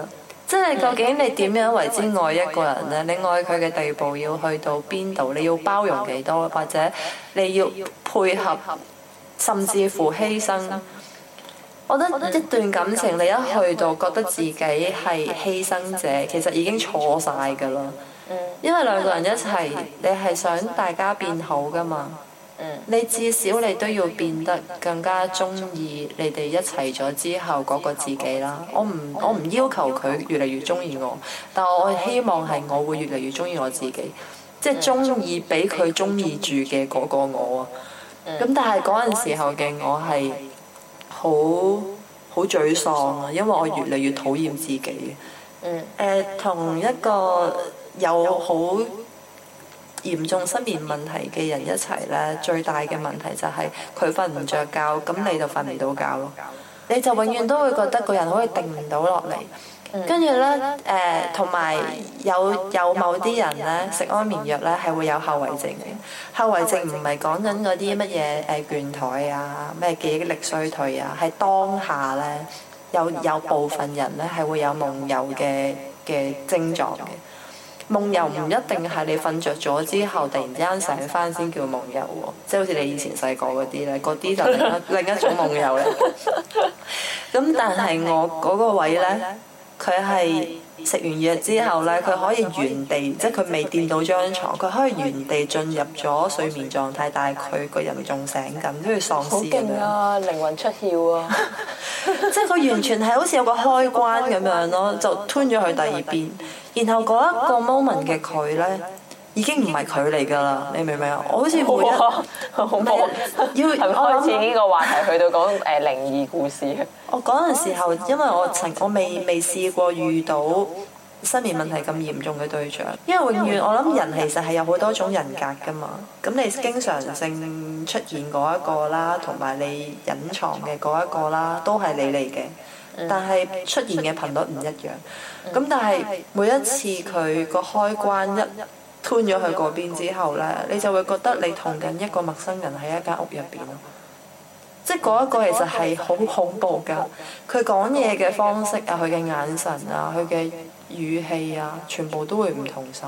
真係、 嗯、究竟你點樣為之愛一個人呢？你愛佢嘅地步要去到邊度？你要包容幾多？或者你要配合，甚至乎犧牲。我覺得一段感情，你一去到覺得自己係犧牲者，其實已經錯晒㗎喇。因為兩個人一齊，你係想大家變好㗎嘛。你至少你都要變得更加鍾意你哋一齊咗之後嗰個自己啦。我唔我唔要求佢越嚟越鍾意我，但我希望係我會越嚟越鍾意我自己，即係鍾意俾佢鍾意住嘅嗰個我啊。咁但係嗰陣時候嘅我係。好好沮喪啊！因為我越嚟越討厭自己同、嗯呃、一個有好嚴重失眠問題嘅人一齊咧，最大嘅問題就係佢瞓唔着覺，咁你就瞓唔到覺咯。嗯、你就永遠都會覺得個人好似定唔到落嚟。嗯、跟住咧，誒同埋有有，有某啲人咧，食安眠藥咧，係會有後遺症嘅。後遺症唔係講緊嗰啲乜嘢誒倦怠啊、咩記憶力衰退啊，係當下咧，有有部分人咧，係會有夢遊嘅嘅症狀嘅。夢遊唔一定係你瞓着咗之後突然之間醒返先叫夢遊喎，即係好似你以前細個嗰啲咧，嗰啲就另一， 另一種夢遊咧。咁 但係我嗰個位咧。佢係食完藥之後呢佢可以原地，即係佢未掂到張床，佢可以原地進入咗睡眠狀態，但係佢個人仲醒緊，跟住喪屍咁啊！樣好勁啊！靈魂出竅啊！ 即係佢完全係好似有個開關咁樣咯， 就吞咗佢第二邊，然後嗰一個 moment 嘅佢呢。已經唔係佢嚟㗎喇，你明唔明啊？我好似冇啊，冇。要從開始呢個話題去到講誒靈異故事。我嗰陣時候，因為我曾我未未試過遇到失眠問題咁嚴重嘅對象，因為永遠我諗人其實係有好多種人格㗎嘛。咁你經常性出現嗰一個啦，同埋你隱藏嘅嗰一個啦，都係你嚟嘅，但係出現嘅頻率唔一樣。咁但係每一次佢個開關一搬咗去嗰邊之後呢，你就會覺得你同緊一個陌生人喺一間屋入邊咯。即係嗰一個其實係好恐怖㗎，佢講嘢嘅方式啊，佢嘅眼神啊，佢嘅語氣啊，全部都會唔同晒。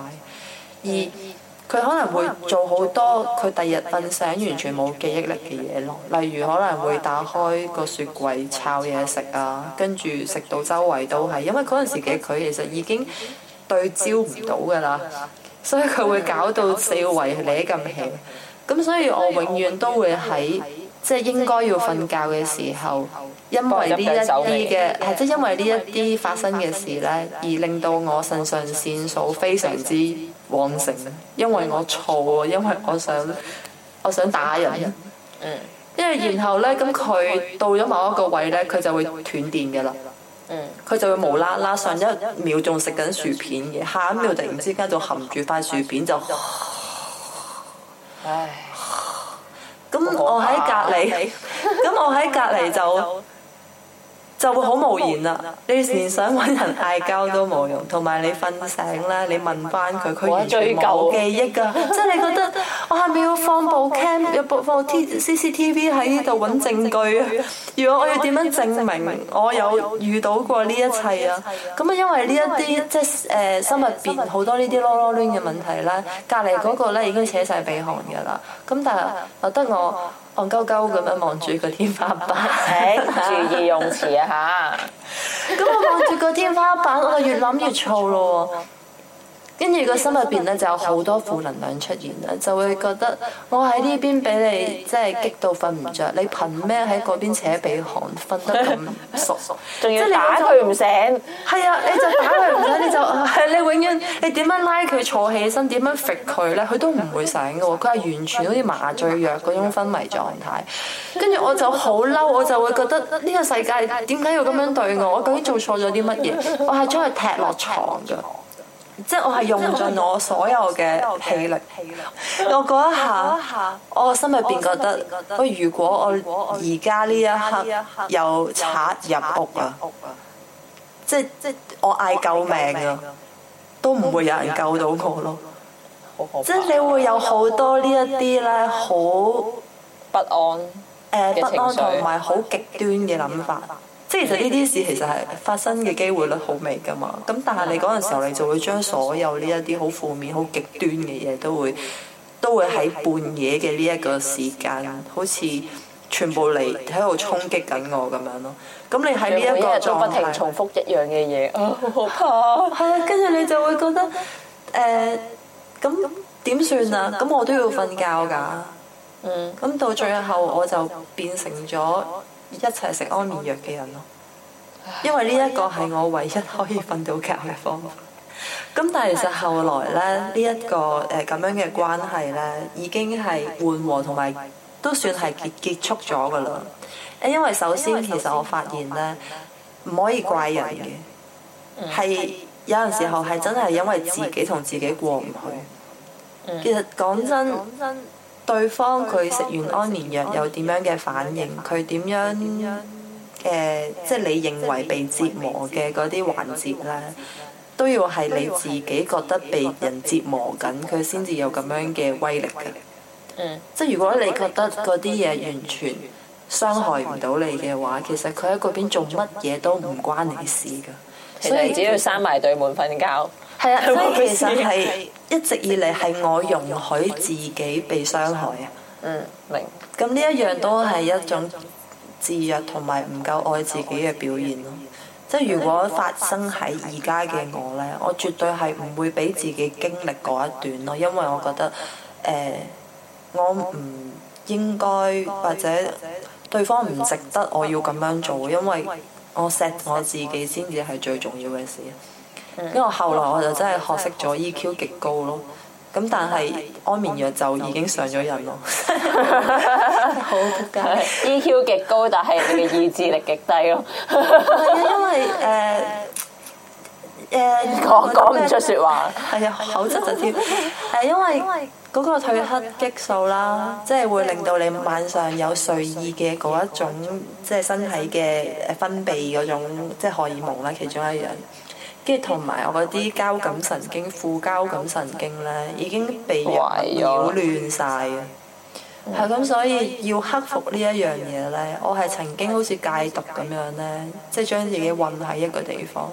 而佢可能會做好多佢第日瞓醒完全冇記憶力嘅嘢咯，例如可能會打開個雪櫃摷嘢食啊，跟住食到周圍都係，因為嗰陣時嘅佢其實已經對焦唔到㗎啦。所以佢會搞到四圍攣咁起，咁所以我永遠都會喺即係應該要瞓覺嘅時候，因為呢一啲嘅，係即係因為呢一啲發生嘅事呢，而令到我腎上腺素非常之旺盛。因為我燥啊，因為我想我想打人，嗯，因為然後呢，咁佢到咗某一個位呢，佢就會斷電嘅啦。佢、嗯、就會無啦啦，上一秒仲食緊薯片嘅，下一秒突然之間就含住塊薯片就， 唉，咁這樣 我喺隔籬，咁我喺隔籬就就會好無言啦。 你連想搵人嗌交都冇用，同埋你瞓醒啦，你問翻佢，佢完全冇記憶㗎。即係你覺得我下邊要放部 cam，要放 T C C T V 喺呢度搵證據。 如果我要點樣證明我有遇到過呢一切啊？咁啊，因為呢一啲即係誒心入邊好多呢啲囉囉攣嘅問題啦。隔離嗰個咧已經扯晒鼻鼾噶啦，咁但係我得我憨鳩鳩咁樣望住個天花板。請注意用詞啊吓？咁我望住 個天花板，我就越諗越燥咯。跟住個心入邊咧就有好多負能量出現啦，就會覺得我喺呢邊俾你即係激到瞓唔着。你憑咩喺嗰邊扯鼻鼾，瞓得咁熟熟，仲要打佢唔醒？係 啊，你就打佢唔醒，你就係、啊、你永遠你點樣拉佢坐起身，點樣揈佢咧，佢都唔會醒嘅喎，佢係完全好似麻醉藥嗰種昏迷狀態。跟住我就好嬲，我就會覺得呢、這個世界點解要咁樣對我？我究竟做錯咗啲乜嘢？我係將佢踢落床嘅。即係我係用盡我所有嘅氣力， 我嗰一下，我個心入邊覺得，我如果我而家呢一刻有賊入屋啊，即係即係我嗌救命啊，命都唔會有人救到我咯。即係你會有多好多呢一啲咧，好不安嘅情緒，同埋好極端嘅諗法。即係其實呢啲事，其實係發生嘅機會率好微噶嘛，咁但係你嗰陣時候你就會將所有呢一啲好負面、好極端嘅嘢都會，都會喺半夜嘅呢一個時間，好似全部嚟喺度衝擊緊我咁樣咯。咁你喺呢一個不停重複一樣嘅嘢，吓，好可怕，係啊，跟住、啊、你就會覺得誒，咁點算啊？咁、欸啊、我都要瞓覺噶，嗯，咁到最後我就變成咗。一齊食安眠藥嘅人咯，因為呢一個係我唯一可以瞓到覺嘅方法。咁 但係其實後來咧，呢、這、一個誒咁、呃、樣嘅關係咧，已經係緩和同埋都算係結結束咗㗎喇。因為首先，為首先其實我發現咧，唔可以怪人嘅，係、嗯、有陣時候係真係因為自己同自己過唔去。嗯、其實講真。對方佢食完安眠藥有點樣嘅反應，佢點樣誒、呃？即係你認為被折磨嘅嗰啲環節咧，都要係你自己覺得被人折磨緊，佢先至有咁樣嘅威力嘅。嗯，即係如果你覺得嗰啲嘢完全傷害唔到你嘅話，其實佢喺嗰邊做乜嘢都唔關你事㗎。所以你只要閂埋對門瞓覺。係啊，所以其實係一直以嚟係我容許自己被傷害啊。嗯，明。咁呢一樣都係一種自虐同埋唔夠愛自己嘅表現咯。嗯、即係如果發生喺而家嘅我呢，我絕對係唔會俾自己經歷嗰一段咯，因為我覺得誒、呃，我唔應該或者對方唔值得我要咁樣做，因為我錫我自己先至係最重要嘅事。嗯、因為後來我就真係學識咗 EQ 極高咯，咁但係安眠藥就已經上咗癮咯。好噶，EQ 極高，但係你嘅意志力極低咯。係啊， 因為誒誒，講講唔出説話，係啊，口窒窒添。係因為嗰個褪黑激素啦，即係會令到你晚上有睡意嘅嗰一種，即係身體嘅分泌嗰種，即係荷爾蒙啦，其中一樣。跟住同埋我嗰啲交感神經副交感神經咧，已經被擾亂晒啊，係咁， 所以要克服呢一樣嘢咧，我係曾經好似戒毒咁樣咧，即係將自己韫喺一個地方。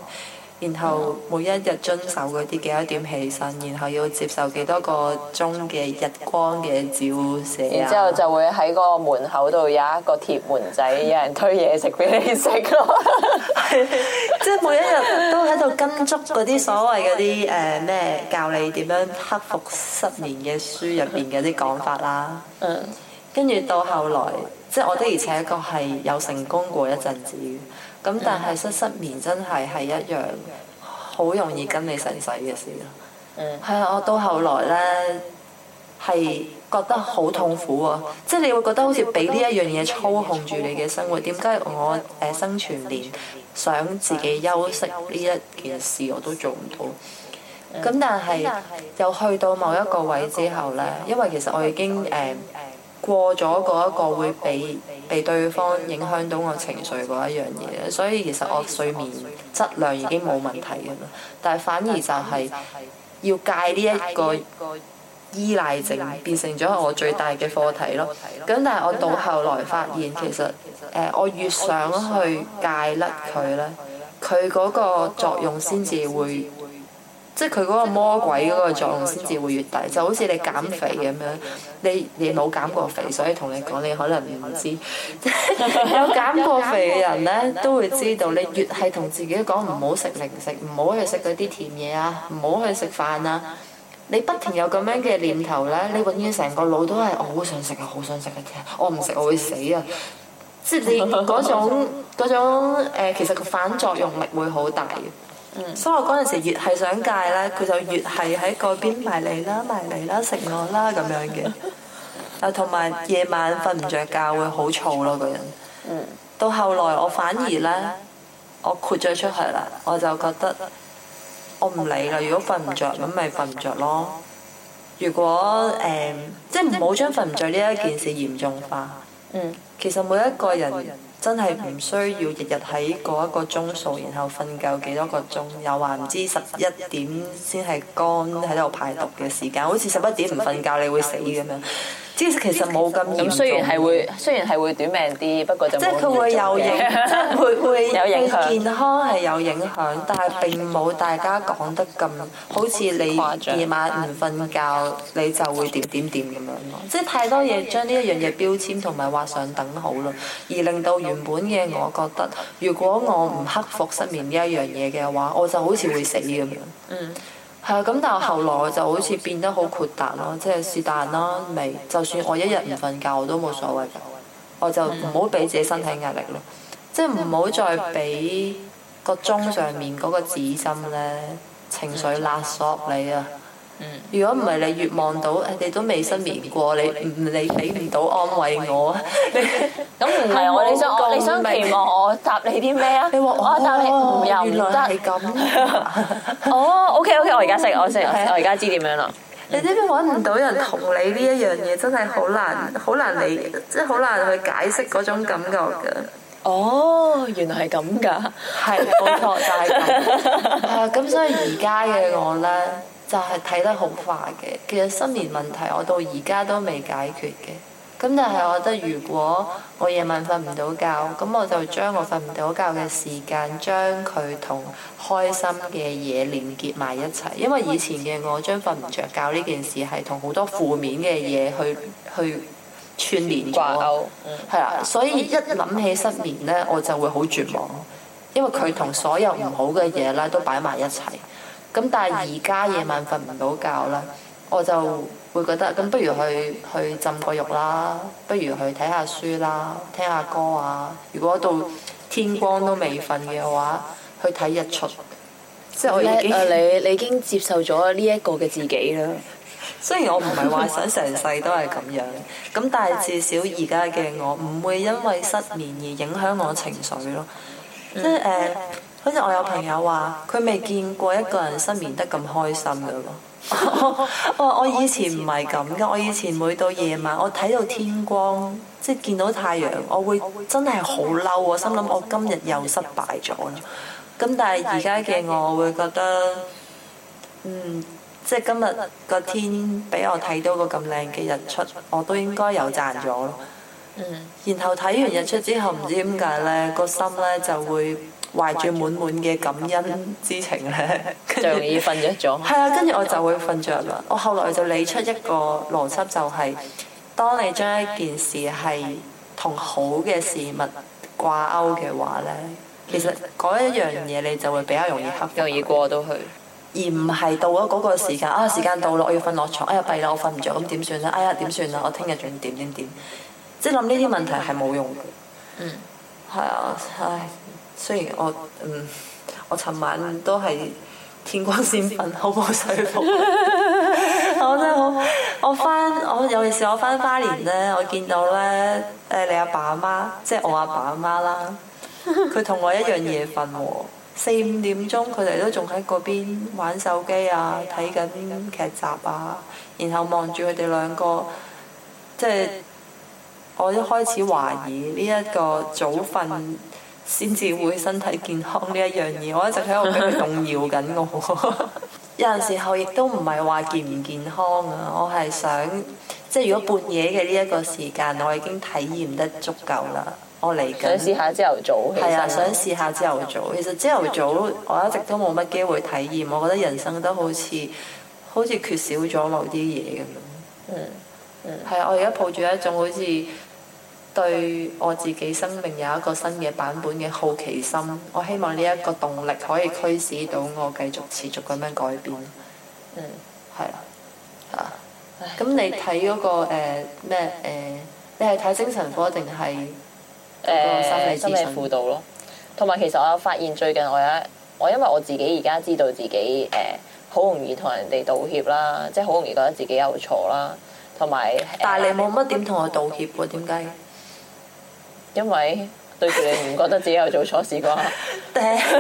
然後每一日遵守嗰啲幾多點起身，然後要接受幾多個鐘嘅日光嘅照射，然之後就會喺個門口度有一個鐵門仔，有人推嘢食俾你食咯是。 即係每一日都喺度跟足嗰啲所謂嗰啲誒咩教你點樣克服失眠嘅書入邊嘅啲講法啦。跟住到後來，即係我的而且確係有成功過一陣子。咁、嗯、但係失失眠真係係一樣好容易跟你洗洗嘅事咯。係啊、嗯，我到後來呢，係覺得好痛苦喎、啊，嗯、即係你會覺得好似俾呢一樣嘢操控住你嘅生活。點解我誒、呃、生存連想自己休息呢一件事我都做唔到？咁、嗯、但係又、嗯、去到某一個位之後呢，嗯、因為其實我已經誒。嗯嗯嗯過咗嗰一個會被被對方影響到我情緒嗰一樣嘢，所以其實我睡眠質量已經冇問題啦，但係反而就係要戒呢一個依賴症，變成咗我最大嘅課題咯。咁但係我到後來發現，其實，呃，我越想去戒甩佢呢，佢嗰個作用先至會。即係佢嗰個魔鬼嗰個作用先至會越大，就好似你減肥咁樣，你你冇減過肥，所以同你講你可能唔知。 有減過肥嘅人呢，都會知道你越係同自己講唔好食零食，唔好去食嗰啲甜嘢啊，唔好去食飯啊，你不停有咁樣嘅念頭呢，你永遠成個腦都係我好想食啊，好想食啊，我唔食、啊、我會死啊！即係你嗰種嗰種、呃、其實個反作用力會好大嘅。所以 So、mm hmm. 我嗰陣時越係想戒咧，佢就越係喺嗰邊埋嚟啦，埋嚟啦，食我啦咁樣嘅。啊， 同埋夜晚瞓唔着覺會好燥咯，個人。Mm hmm. 到後來我反而咧，我豁咗出去啦，我就覺得我唔理啦。如果瞓唔着，咁咪瞓唔着咯。如果誒、mm hmm. 嗯，即係唔好將瞓唔着呢一件事嚴重化。Mm hmm. 其實每一個人。真係唔需要日日喺嗰一個鐘數，然後瞓夠幾多個鐘，又話唔知十一點先係肝喺度排毒嘅時間，好似十一點唔瞓覺你會死咁樣。 即係其實冇咁嚴重雖，雖然係會雖然係會短命啲，不過就冇咁嚴重嘅。即係佢會有影響， 有影響會健康係有影響，但係並冇大家講得咁好似你夜晚唔瞓覺，你就會點點點咁樣咯。即係太多嘢將呢一樣嘢標籤同埋畫上等號咯，而令到原本嘅我覺得，如果我唔克服失眠呢一樣嘢嘅話，我就好似會死咁樣。嗯。係啊，咁、嗯、但係後來就好似變得好豁達咯，即係是但啦，未就算我一日唔瞓覺我都冇所謂㗎，我就唔好俾自己身體壓力咯，嗯、即係唔好再俾個鐘上面嗰個指針呢情緒勒索你啊！嗯，如果唔係你越望到，你都未失眠過，你唔你俾唔到安慰我啊？咁唔係我你想，你想期望我答你啲咩啊？你話我答你，又唔得咁。哦，OK OK，我而家識，我識，我而家知點樣啦。你知唔知揾唔到人同你呢一樣嘢，真係好難，好難理，即係好難去解釋嗰種感覺噶。哦，原來係咁噶，係冇錯就係咁。啊，咁所以而家嘅我咧。就係睇得好快嘅，其實失眠問題我到而家都未解決嘅。咁但係我覺得，如果我夜晚瞓唔到覺，咁我就將我瞓唔到覺嘅時間，將佢同開心嘅嘢連結埋一齊。因為以前嘅我，將瞓唔着覺呢件事係同好多負面嘅嘢去去串連掛勾，係啦。所以一諗起失眠呢，我就會好絕望，因為佢同所有唔好嘅嘢咧都擺埋一齊。咁但係而家夜晚瞓唔到覺啦，我就會覺得咁不如去去浸個浴啦，不如去睇下書啦，聽下歌啊。如果到天光都未瞓嘅話，去睇日出。即係我已經誒、啊、你，你已經接受咗呢一個嘅自己啦。雖然我唔係話想成世都係咁樣，咁 但係至少而家嘅我唔會因為失眠而影響我情緒咯。即係、嗯好似我有朋友話，佢未見過一個人失眠得咁開心嘅咯。 我以前唔係咁嘅，我以前每到夜晚，我睇到天光為，即係見到太陽，我會真係好嬲，我心諗我今日又失敗咗啦。咁但係而家嘅我會覺得，嗯，即係今日個天俾我睇到個咁靚嘅日出，我都應該有賺咗。嗯，然後睇完日出之後，唔知點解呢個心呢就會，懷住滿滿嘅感恩之情咧，就容易瞓着咗。係啊，跟住我就會瞓着啦。我後來就理出一個邏輯，就是，就係當你將一件事係同好嘅事物掛鈎嘅話咧，其實嗰一樣嘢你就會比較容易克服，容易過到去。而唔係到咗嗰個時間啊，時間到咯，我要瞓落床。哎呀，弊啦，我瞓唔着，咁點算咧？哎呀，點算啦？我聽日仲點點點，即係諗呢啲問題係冇用嘅。嗯，係啊，唉。雖然我嗯，我尋晚都係天光先瞓，好冇睡服。我真係好，我返我尤其是我返花蓮咧，我見到咧誒、呃、你阿爸阿媽，即係我阿爸阿媽啦，佢同我一樣夜瞓喎、啊，四五點鐘佢哋都仲喺嗰邊玩手機啊，睇緊劇集啊，然後望住佢哋兩個，即、就、係、是、我一開始懷疑呢一個早瞓。先至會身體健康呢一樣嘢，我一直喺度俾佢動搖緊我。 有陣時候亦都唔係話健唔健康啊，我係想即係如果半夜嘅呢一個時間，我已經體驗得足夠啦。我嚟緊想試下朝頭早，啊。係啊，想試下朝頭早。其實朝頭早我一直都冇乜機會體驗，我覺得人生都好似好似缺少咗某啲嘢咁。嗯嗯，係啊，我而家抱住一種好似。對我自己生命有一個新嘅版本嘅好奇心，我希望呢一個動力可以驅使到我繼續持續咁樣改變。嗯，係啦，咁、啊、唉你睇嗰、嗰個咩誒、呃呃？你係睇精神科定係誒心理知識輔導咯？同埋其實我有發現最近我有一，我因為我自己而家知道自己誒好、呃、容易同人哋道歉啦，即係好容易覺得自己有錯啦，同埋。但係你冇乜點同我道歉喎？點解？因為對住你唔覺得自己有做錯事啩？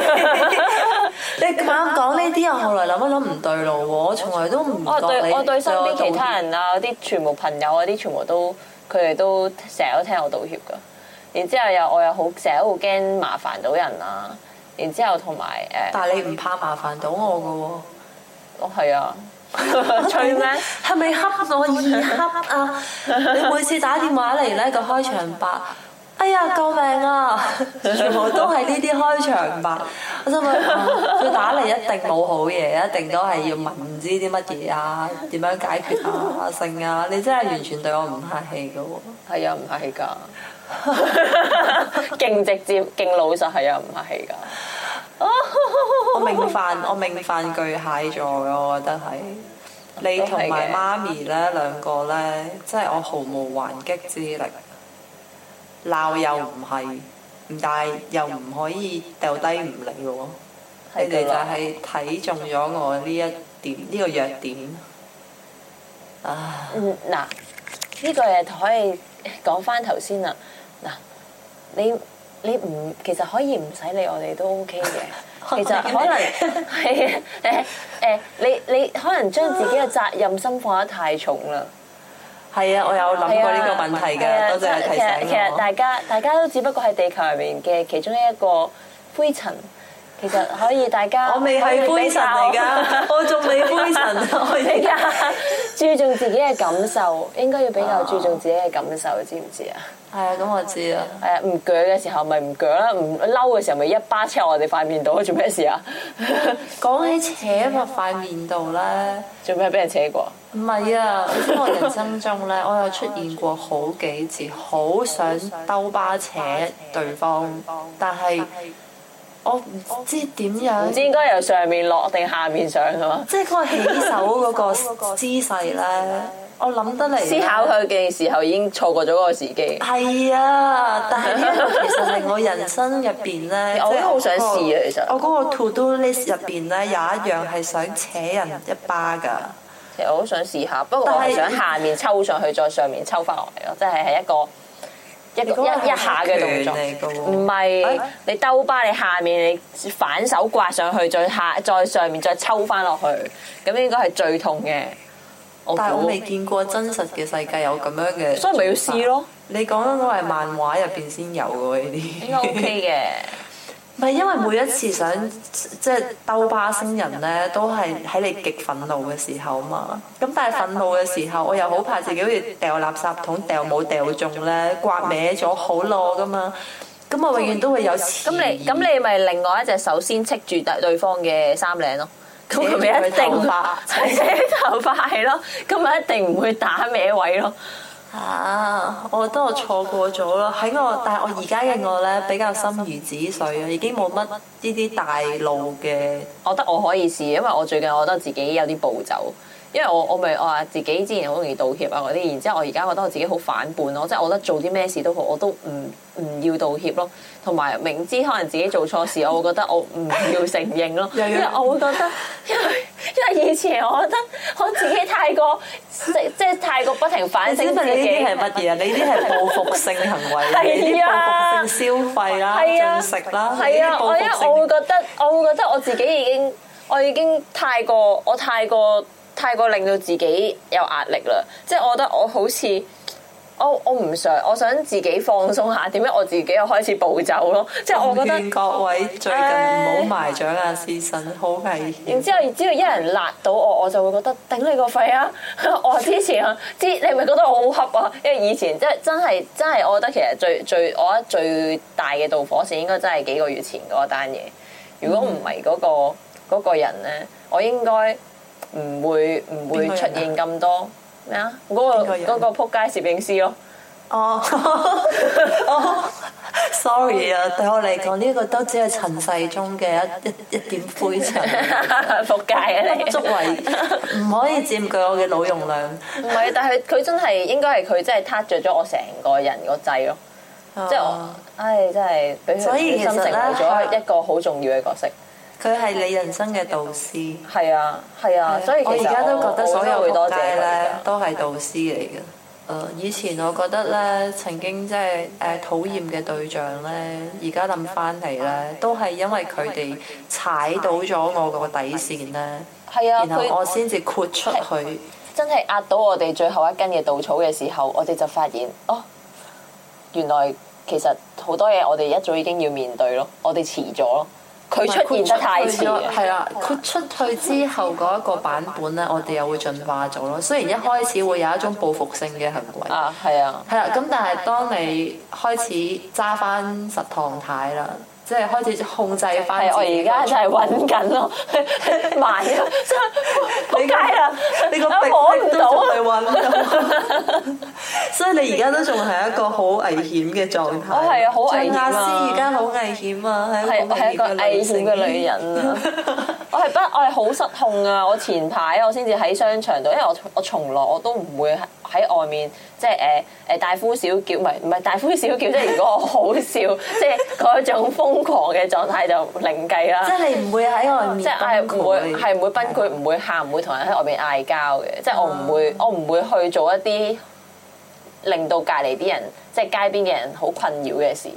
你咁啱講呢啲，我後來諗一諗唔對路喎，我從來都唔。我對我對身邊其他人啊，啲全部朋友啊，啲全部都，佢哋都成日都聽我道歉噶。然之後又我又好成日都好驚麻煩到人啊。然之後同埋誒。呃、但係你唔怕麻煩到我嘅喎？我係啊，催緊係咪黑我而黑啊？ 你每次打電話嚟咧個開場白。哎呀！救命啊！全部都係呢啲開場白， 我心諗佢打嚟一定冇好嘢，一定都係要問唔知啲乜嘢啊，點樣解決啊，剩啊，啊！你真係完全對我唔客氣嘅喎，係啊，唔客氣噶，勁直接，勁老實，係啊，唔客氣噶。 我命犯我命犯巨蟹座，我覺得係你同埋媽咪呢兩個呢，真係我毫無還擊之力。鬧又唔係，唔但係又唔可以掉低唔理咯。的你哋就係睇中咗我呢一點呢的個弱點。啊，嗯，嗱，呢個嘢可以講翻頭先啦。嗱，你你唔，其實可以唔使理我哋都 OK 嘅。其實可能係誒誒， 你你可能將自己嘅責任心放得太重啦。係啊，我有諗過呢個問題嘅，的多謝提醒。其實其實大家大家都只不過係地球入面嘅其中一個灰塵，其實可以大家，我未係灰塵嚟㗎，我仲未灰塵。我而家 以 注重自己嘅感受， 應該要比較注重自己嘅感受， 知唔知啊？係啊，咁我知啦。係啊、哎，唔鋸嘅時候咪唔鋸啦，唔嬲嘅時候咪一巴扯我哋塊面度，做咩事啊？講 起扯埋塊面度咧，做咩俾人扯過？唔係 啊，我人生中咧， 我有出現過好幾次，好想兜巴扯對方，但係我唔知點樣，唔知，知應該由上面落定下面上啊嘛？即係個起手嗰個姿勢咧。 我諗得嚟，思考佢嘅時候已經錯過咗個時機。係啊，但係其實係我人生入邊咧，我都好想試啊，其實。我嗰個 to do list 入邊咧有一樣係想扯人一巴噶。其實我好想試下，不過我係想下面抽上去，再上面抽翻落嚟咯，即係係一個一一一下嘅動作，唔係你兜巴你下面，你反手刮上去，再下再上面再抽翻落去，咁應該係最痛嘅。但係我未見過真實嘅世界有咁樣嘅，所以咪要試咯。你講緊我係漫畫入邊先有嘅呢啲，應該 OK 嘅。唔係 因為每一次想即係兜巴星人咧，都係喺你極憤怒嘅時候嘛。咁但係憤怒嘅時候，我又好怕自己好似掉垃圾桶掉冇掉中咧，刮歪咗好攞噶嘛。咁我永遠都會有刺。咁你咁你咪另外一隻手先戚住對對方嘅衫領咯。咁佢咪一定㗎？洗洗頭髮係咯，咁咪一定唔會打歪位咯。啊，我覺得我錯過咗咯。喺我，但係我而家嘅我咧比較心如止水啊，已經冇乜呢啲大路嘅。我覺得我可以試，因為我最近我覺得自己有啲暴走。因為我我咪我話自己之前好容易道歉啊，嗰啲，然之後我而家覺得我自己好反叛咯，啊，即係我覺得做啲咩事都好，我都唔唔要道歉咯。同埋明知可能自己做錯事，我會覺得我唔要承認咯。 因為我會覺得，因為因為以前我覺得我自己太過 即即係太過不停反省自己。你呢啲係乜嘢啊？ 你呢啲係報復性行為，係報復性消費啦，係啊食啦，係啊。我一我會覺得我會覺得我自己已經我已經太過我太過。太過令到自己有壓力啦，即係我覺得我好似我我唔想，我想自己放鬆下。點解我自己又開始暴走咯？即係我覺得各位最近唔好埋掌啊，師嬸好危險。然後之後只要一人辣到我，我就會覺得頂你個肺啊！ 我之前啊！之你係咪覺得我好恰啊？因為以前即係真係真係，真我覺得其實最最我最大嘅導火線應該真係幾個月前嗰單嘢。如果唔係嗰個嗰、嗯、個人咧，我應該。唔會唔會出現咁多咩啊？嗰、嗰個嗰個撲街攝影師咯。哦、oh. ，sorry 啊，對我嚟講呢個都只係塵世中嘅一一一點灰塵，撲街啊！你作為唔可以佔據我嘅腦容量。唔係， 但係佢真係應該係佢真係撻着咗我成個人個掣咯。即係我、oh.，唉、哎，真係俾佢，所以，所以其實咧，成為咗一個好重要嘅角色。佢係你人生嘅導師，係啊，係啊，所以我而家都覺得所有嘅多謝啦，都係導師嚟嘅。誒，以前我覺得咧，曾經即係誒討厭嘅對象咧，而家諗翻嚟咧，都係因為佢哋踩到咗我個底線咧。係啊，然後我先至豁出去。真係壓到我哋最後一根嘅稻草嘅時候，我哋就發現哦，原來其實好多嘢我哋一早已經要面對咯，我哋遲咗咯。佢出現得太遲，係啦，佢出去之後嗰一個版本咧，我哋又會進化咗咯。雖然一開始會有一種報復性嘅行為啊，係啊，係啦，咁但係當你開始揸翻實堂太啦。即係開始控制翻， 我而家就係揾緊咯，買 咯埋了，真 係你乖的啊！ 你個唔壁 到。仲係揾緊，所以你而家都仲係一個好危險嘅狀態。 我係啊，好危險啊！仲而家好危險啊！係 係樂一個危險嘅女人啊！ 我係不，我係好失控啊！我前排我先至喺商場度，因為我我從來我都唔會。喺外面即係誒誒大呼小叫，唔係唔係大呼小叫，即係如果我好笑，即係嗰種瘋狂嘅狀態就另計啦。即係你唔會喺外面，面、 嗯，即係唔會係唔會崩潰，唔 會喊，唔會同人喺外面嗌交嘅。即、就、係、是、我唔會，啊、我唔會去做一啲令到隔籬啲人，即、就、係、是、街邊嘅人好困擾嘅事。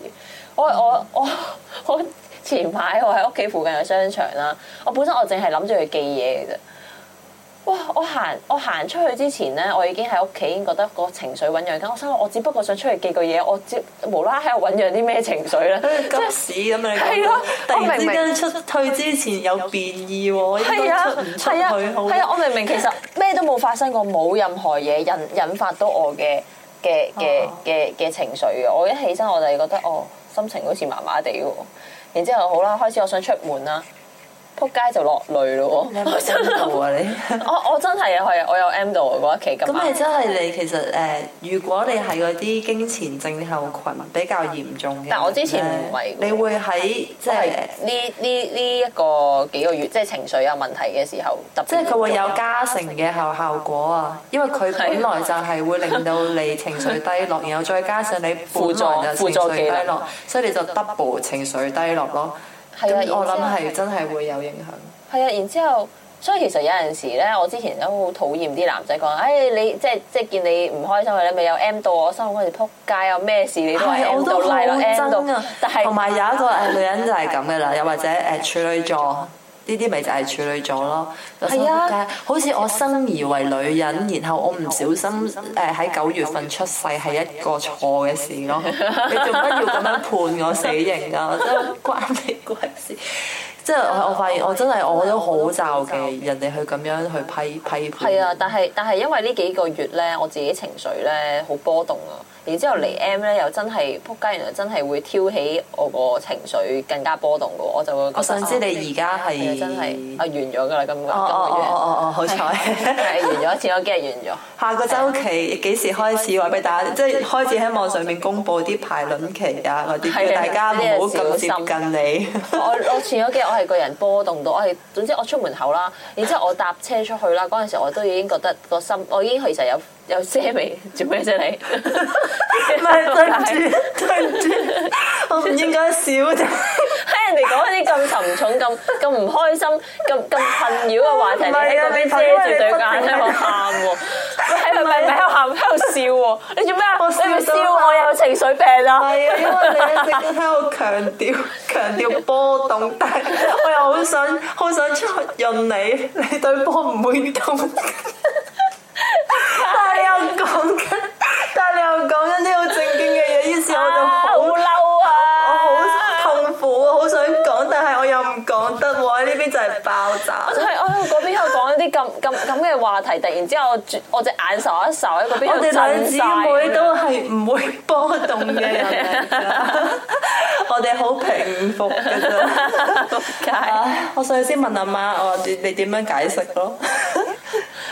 我我我我,我,我,我,我,我前排我喺屋企附近嘅商場啦，我本身我淨係諗住去寄嘢嘅啫。哇！我行我行出去之前咧，我已經喺屋企已經覺得個情緒醞釀緊。我心諗我只不過想出去寄個嘢，我接無啦啦喺度醞釀啲咩情緒咧？咁屎咁啊！係咯，啊、我明明出退之前有便意喎，啊、應該出唔出去好？係啊，係啊，係啊，我明明 其實咩都冇發生過，冇任何嘢引引發到我嘅嘅嘅嘅嘅情緒嘅。我一起身我就係覺得哦，心情好似麻麻地喎。然之後好啦，開始我想出門啦。仆街就落淚咯，我真流啊你！我我真係啊，係啊，我有 M 到啊嗰一期咁咁啊真係你其實誒，如果你係嗰啲經前症候群比較嚴重嘅，但我之前唔係，你會喺即係呢呢呢一個幾個月，即係情緒有問題嘅時候，即係佢會有加成嘅效效果啊，因為佢本來就係會令到你情緒低落，然後再加上你輔助，輔助低落，所以你就 double 情緒低落咯。係啊，我諗係的真係會有影響。係啊，然之後，所以其實有陣時咧，我之前都好討厭啲男仔講，誒、哎，你即係即係見你唔開心嘅，你咪又 M 到我心，我哋仆街，啊，咩事你都喺 M 到，但係同埋有一個女人就係咁嘅啦，又 或者誒處女座。呢啲咪就係處女座咯，係啊，就好似我生而為女人，然後我唔小心誒喺九月份出世係一個錯嘅事咯， 你做乜要咁樣判我死刑啊？都關你鬼事。即係我發現，我真係我都好受嘅，人哋去咁樣去批批判。係啊，但係但係因為呢幾個月咧，我自己情緒咧好波動啊。然之後嚟 M 咧又真係撲街，原來真係會挑起我個情緒更加波動嘅喎，我就覺得。我想知你而家係真係啊完咗㗎啦？咁今個月哦哦哦哦哦，好彩完咗，前幾日完咗。下個週期幾時開始話俾大家？即係開始喺網上面公佈啲排卵期啊，嗰啲大家唔好咁接近你。我我前幾日我係個人波動到，我係總之我出門口啦，然之後我搭車出去啦，嗰陣時我都已經覺得個心，我已經其實有。又遮咪？做咩啫你？唔係，對唔住，對唔住，我唔應該笑啫。聽人哋講啲咁沉重、咁咁唔開心、咁咁困擾嘅話題，你喺度遮住對眼喺度喊喎。係咪喺度喊？喺度笑喎。你做咩？我笑咪笑？我有情緒病啊！係啊，因為你一直喺度強調、強調波動，但係我又好想、好想確認你，你對波唔會動。但係你又講緊，但係你又講緊啲好正經嘅嘢，於是我就好嬲。 啊就係爆炸。我係我喺嗰邊，我講啲咁咁咁嘅話題，突然之間我我隻眼傻一傻喺嗰邊我震晒，我哋兩姊妹都係唔會波動嘅人，我哋好平伏嘅啫。我所以先問阿媽，我話你你點樣解釋咯？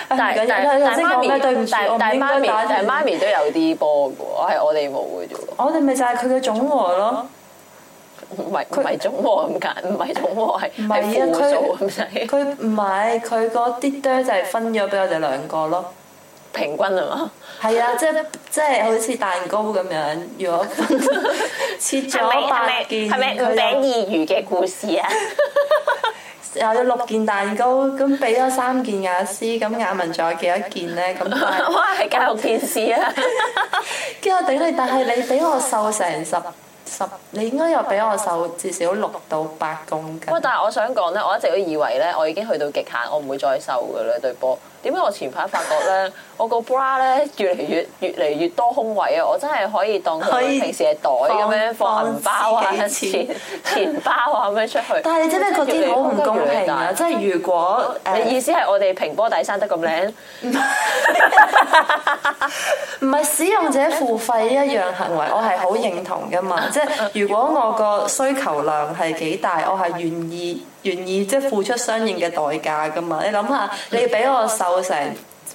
但但但媽咪對唔住，但但媽咪但媽咪都有啲波嘅，我係我哋冇嘅啫。我哋咪就係佢嘅總和咯。唔係唔係總和咁解，唔係總和，係係分數咁解。佢唔係，佢嗰啲哆就係分咗俾我哋兩個咯，平均啊嘛。係啊，即即係好似蛋糕咁樣，如果分切咗八件，係咪佢名義餘嘅故事啊？又有六件蛋糕，咁俾咗三件雅思，咁雅文仲有幾多件咧？咁係教育電視啊！叫我頂你，但係你俾我瘦成十。十，你應該有比我瘦至少六到八公斤。不過，但係我想講咧，我一直都以為咧，我已經去到極限，我唔會再瘦㗎啦，對波。點解我前排發覺咧，我個 bra 咧越嚟越越嚟越多空位啊！我真係可以當佢平時係袋咁樣放，放錢包啊次、錢錢包啊咁樣出去。但係你知唔知嗰啲好唔公平啊？即係如果我、uh，你意思係我哋平波底生得咁靚，唔係是 使用者付費一樣行為，我係好認同噶嘛？ 即係如果我個需求量係幾大， 我係願意。願意即係付出相應嘅代價噶嘛？你諗下，你俾我瘦成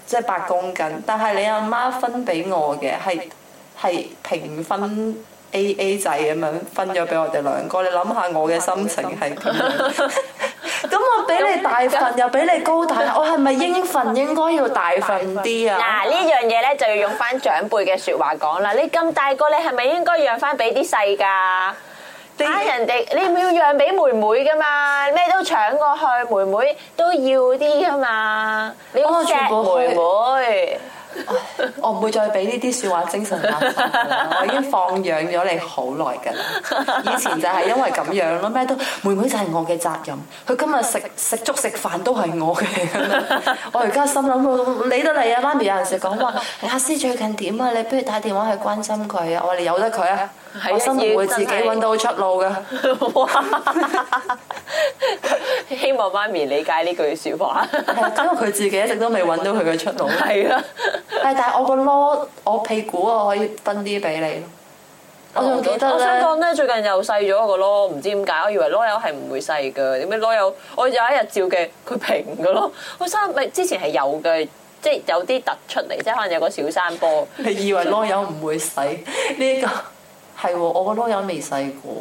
即係八公斤，但係你阿媽分俾我嘅係係平分 A A 制咁樣分咗俾我哋兩個。你諗下我嘅心情係咁？咁 我比你大份， 又比你高大。 我係咪應份應該要大份啲啊？嗱呢樣嘢咧就要用翻長輩嘅説話講啦。你咁大個，你係咪應該讓翻俾啲細㗎？啊！人哋你唔要讓俾妹妹噶嘛？咩都搶過去，妹妹都要啲噶嘛？你錫妹妹， 我唔會再俾呢啲說話精神壓。我已經放養咗你好耐噶啦，以前就係因為咁樣咯，咩都妹妹就係我嘅責任。佢今日食食粥食飯都係我嘅。 我而家心諗，理得你啊媽咪，有陣時講話，亞詩最近點啊？你不如打電話去關心佢啊！我話你由得佢啊。啊、我心唔會自己揾到出路噶，哇 希望媽咪理解呢句說話、 啊。因為佢自己一直都未揾到佢嘅出路。係啦、啊，啊、但係我個籮，我，我，我屁股我可以分啲俾你咯。我仲記得我想講咧，最近又細咗個籮，唔知點解？我以為籮柚係唔會細噶，點解籮柚？我有一日照鏡，佢平噶咯。佢生咪之前係有嘅，即係有啲突出嚟，即係可能有個小山坡。你以為籮柚唔會細呢個？ 係喎，我個囉柚未細過。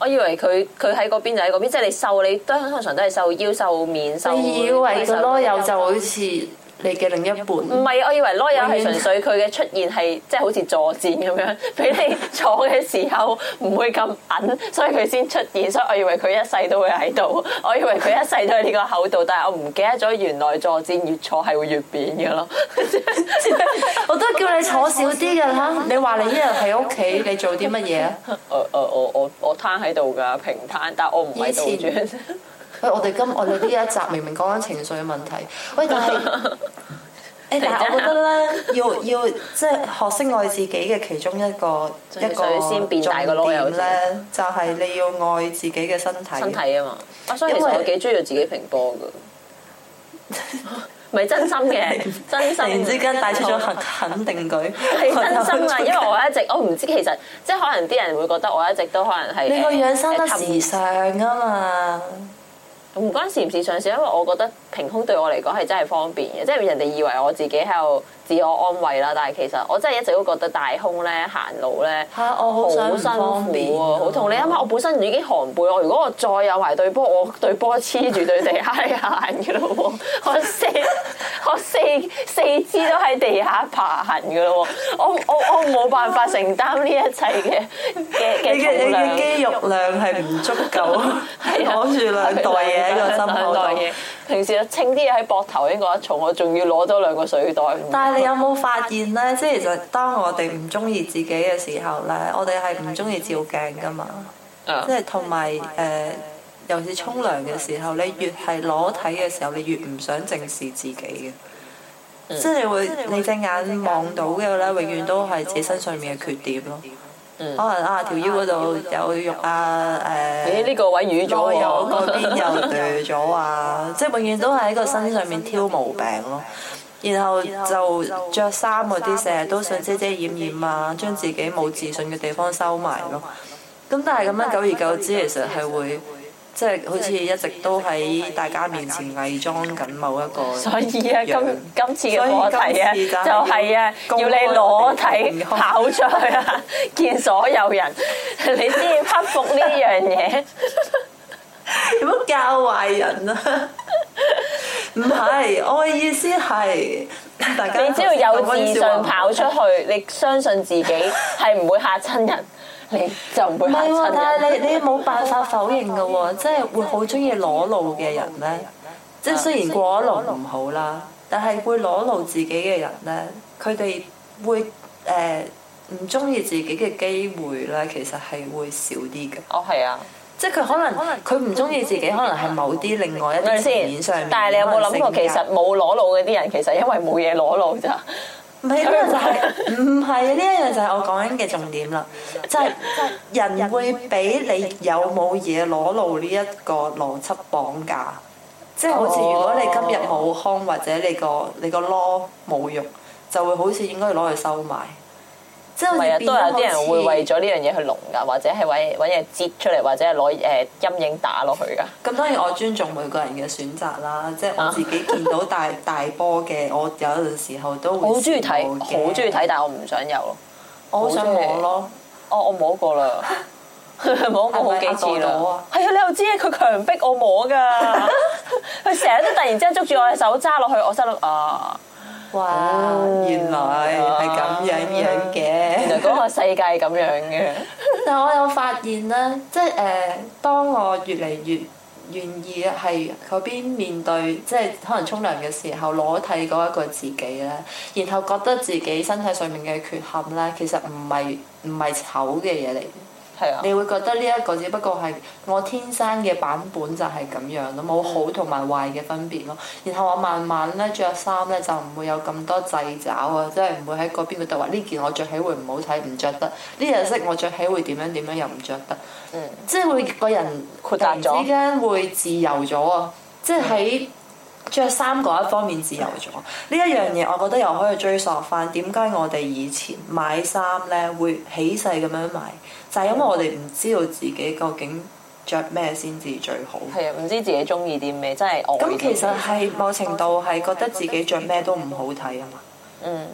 我以為佢佢喺嗰邊就喺嗰邊，即係你瘦，你都通常都係瘦腰瘦面瘦。你以為個囉柚就好似？你嘅另一半唔係，我以為攞友係純粹佢嘅出現係即係好似坐戰咁樣，俾你坐嘅時候唔會咁硬，所以佢先出現。所以我以為佢一世都會喺度，我以為佢一世都喺呢個厚度，但係我唔記得咗，原來坐戰越坐係會越扁嘅咯。 我都叫你坐少啲嘅啦。你話你一日喺屋企，你做啲乜嘢啊？我我我攤喺度㗎，平攤，但係我唔係倒轉。 我哋今我哋呢一集明明講緊情緒嘅問題，喂， 但係，誒，但係我覺得咧，要要即係學識愛自己嘅其中一個一個先變大個窿點咧，就係你要愛自己嘅身體，身體嘛啊嘛，所以其實我幾鍾意自己平波㗎，唔係為 真心嘅，真心。 突然之間帶出咗肯定佢，係真心啊，因為我一直我唔知其實即係可能啲人會覺得我一直都可能係你個樣生得時尚啊嘛。 唔關時唔時上線，因為我覺得平空對我嚟講係真係方便嘅，即係人哋以為我自己喺度。自我安慰啦，但係其實我真係一直都覺得大胸咧行路咧，嚇我好辛苦啊，哦、好啊啊痛！你諗下，我本身已經寒背，我如果我再有埋對波，我對波黐住對地下行噶咯喎，我四我四四肢都喺地下爬行噶咯喎，我我我冇辦法承擔呢一切嘅嘅重量，肌肉量係唔足夠，攞 住 兩袋嘢喺個心口度。 平時啊，輕啲嘢喺膊頭已經覺得重，我仲要攞咗兩個水袋。但係你有冇發現呢？即係其實當我哋唔中意自己嘅時候呢，我哋係唔中意照鏡噶嘛。啊、即係同埋誒，尤其是沖涼嘅時候，你越係裸體嘅時候，你越唔想正視自己嘅。嗯、即係你會你隻眼望到嘅呢，永遠都係自己身上面嘅缺點咯。可能、嗯、啊條腰嗰度有肉啊，誒、欸，呢、呃、個位瘀咗，又嗰邊又攰咗啊，即係永遠都係喺個身上面挑毛病咯，然後就着衫嗰啲成日都想遮遮掩掩啊，將自己冇自信嘅地方收埋咯，咁但係咁樣久而久之，其實係會。即係好似一直都喺大家面前偽裝緊某一個樣，所以今次嘅課題啊，就係啊，要你裸體跑出去啊，見所有人，你先要克服呢樣嘢。點樣教壞人啊？唔係，我嘅意思係，大家你只要有自信跑出去，你相信自己係唔會嚇親人。你就唔會係 但係你你冇辦法否認嘅喎、啊，即係會好中意裸露嘅人咧。嗯、即係雖然過咗路唔好啦，但係會裸露自己嘅人咧，佢哋會誒唔中意自己嘅機會咧，其實係會少啲嘅。哦，係啊，即係佢可能佢唔中意自己，可能係某啲另外一啲面面上。但係你有冇諗過，其實冇裸露嘅啲人，其實因為冇嘢裸露咋？唔係呢一樣就係，唔係呢一樣就係我講緊嘅重點啦， 就係人會俾你有冇嘢裸露呢一個邏輯綁架，即係 好似如果你今日冇胸或者你個你個籮冇肉，就會好似應該攞去收埋。係啊， 都有啲人會為咗呢樣嘢去隆噶像，或者係搵嘢接出嚟，或者係攞誒陰影打落去噶。咁、哦、 當然我尊重每個人嘅選擇啦，即係我自己見到大大波嘅，我有陣時候都會。好中意睇，好中意睇，但係我唔想有。我好想摸咯，我、啊、我摸過啦， 摸過好幾次啦。係啊、嗯，你又知佢強迫我摸噶，佢成日都突然之間捉住我手揸落去，我失真啊～哇，原來係咁樣樣嘅，原來嗰個世界係咁樣嘅。 但我有發現咧，即係誒、呃，當我越嚟越願意係嗰邊面對，即係可能沖涼嘅時候裸體嗰一個自己咧，然後覺得自己身體上面嘅缺陷咧，其實唔係唔係醜嘅嘢嚟。你會覺得呢一個只不過係我天生嘅版本就係咁樣咯，冇好同埋壞嘅分別咯。然後我慢慢咧着衫咧就唔會有咁多掣肘啊，即係唔會喺嗰邊度話呢件我着起會唔好睇，唔着得呢樣色我着起會點樣點樣又唔着得。嗯、即係會個人突然之間會自由咗啊！嗯、即係喺。嗯着衫嗰一方面自由咗，呢一樣嘢我覺得又可以追溯翻點解我哋以前買衫呢會起勢咁樣買，就係因為我哋唔知道自己究竟着咩先至最好。係啊，唔知自己中意啲咩，真係咁其實係某程度係覺得自己着咩都唔好睇啊嘛。嗯。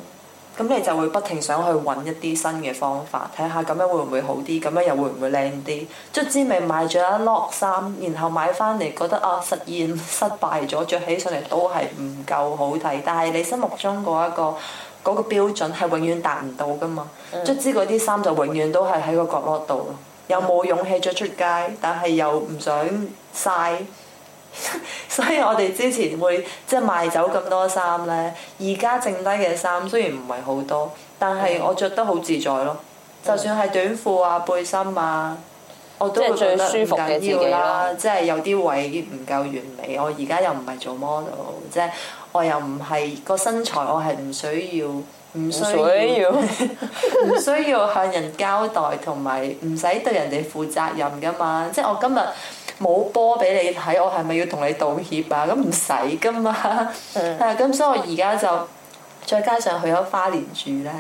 咁你就會不停想去揾一啲新嘅方法，睇下咁樣會唔會好啲，咁樣又會唔會靚啲？卒之咪買咗一 lot 衫，然後買翻嚟覺得啊，實現失敗咗，着起上嚟都係唔夠好睇。但係你心目中嗰一個嗰個標準係永遠達唔到噶嘛？卒之嗰啲衫就永遠都係喺個角落度咯，又冇勇氣着出街，但係又唔想嘥。 所以我哋之前會即係賣走咁多衫呢。而家剩低嘅衫雖然唔係好多，但係我着得好自在咯。就算係短褲啊、背心啊，我都會覺得唔緊要，舒服嘅自己啦，即係有啲位唔夠完美，我而家又唔係做 model，即係我又唔係、嗰個身材。我係唔需要唔需要唔需要， 唔需要向人交代，同埋唔使對人哋負責任噶嘛。即係我今日。冇波俾你睇，我係咪要同你道歉啊？咁唔使噶嘛，嗯、 啊咁，所以我而家就再加上去咗花蓮住呢。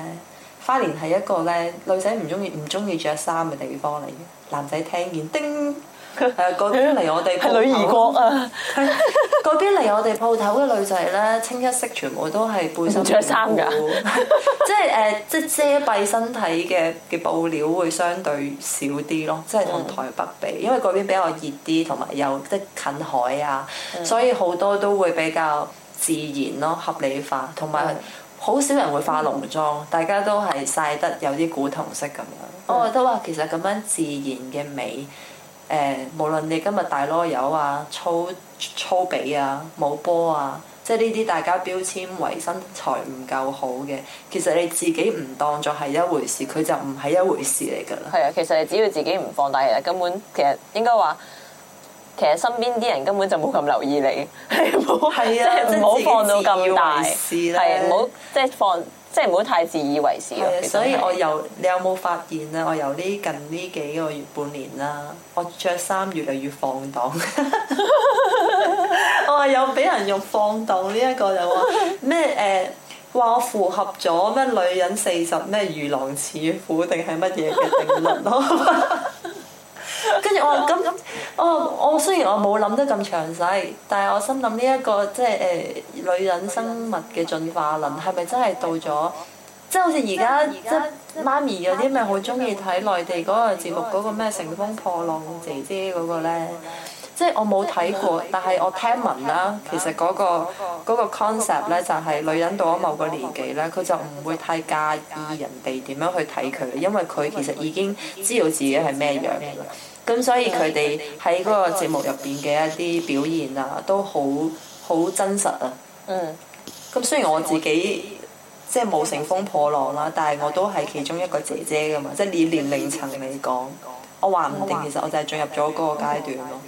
花蓮係一個呢，女仔唔中意唔中意著衫嘅地方嚟嘅，男仔聽見叮。係啊！嗰邊嚟我哋係女兒國啊， 啊！係嗰邊嚟我哋鋪頭嘅女仔咧，清一色全部都係背心唔著衫㗎，即係誒，即係遮蔽身體嘅嘅布料會相對少啲咯，即係同台北比，嗯、因為嗰邊比較熱啲，同埋又即近海啊，嗯、所以好多都會比較自然咯，合理化，同埋好少人會化濃妝，嗯、大家都係晒得有啲古銅色咁樣。嗯、我覺得話其實咁樣自然嘅美。誒，無論你今日大籮柚啊、粗粗髀啊、冇波啊，即係呢啲大家標籤為身材唔夠好嘅，其實你自己唔當作係一回事，佢就唔係一回事嚟㗎啦。係啊，其實你只要自己唔放大，其實根本其實應該話，其實身邊啲人根本就冇咁留意你，係啊的，即係唔好放到咁大，係唔好即係放。即係唔好太自以為是、啊、所以我由你有冇發現啊？我由呢近呢幾個月半年啦，我着衫越嚟越放蕩。 我話有俾人用放蕩呢一個就話咩？誒話、呃、我符合咗咩女人四十咩如狼似虎定係乜嘢嘅定論咯？ 跟住 我話咁咁，我我、哦、雖然我冇諗得咁詳細，但係我心諗呢一個即係誒女人生物嘅進化論係咪真係到咗？即係好似而家即係媽咪有啲咩好中意睇內地嗰個節目嗰個咩《乘風破浪姐姐》嗰個咧？即係我冇睇過，但係我聽聞啦，其實嗰、嗰個 concept 咧、嗰個、就係女人到咗某個年紀咧，佢就唔會太介意人哋點樣去睇佢，因為佢其實已經知道自己係咩樣嘅。咁所以佢哋喺嗰個節目入邊嘅一啲表現啊，都好好真實啊。嗯。咁雖然我自己即係冇乘風破浪啦，但係我都係其中一個姐姐㗎嘛。即係你年齡層嚟講，我話唔定其實我就係進入咗嗰個階段咯。嗯、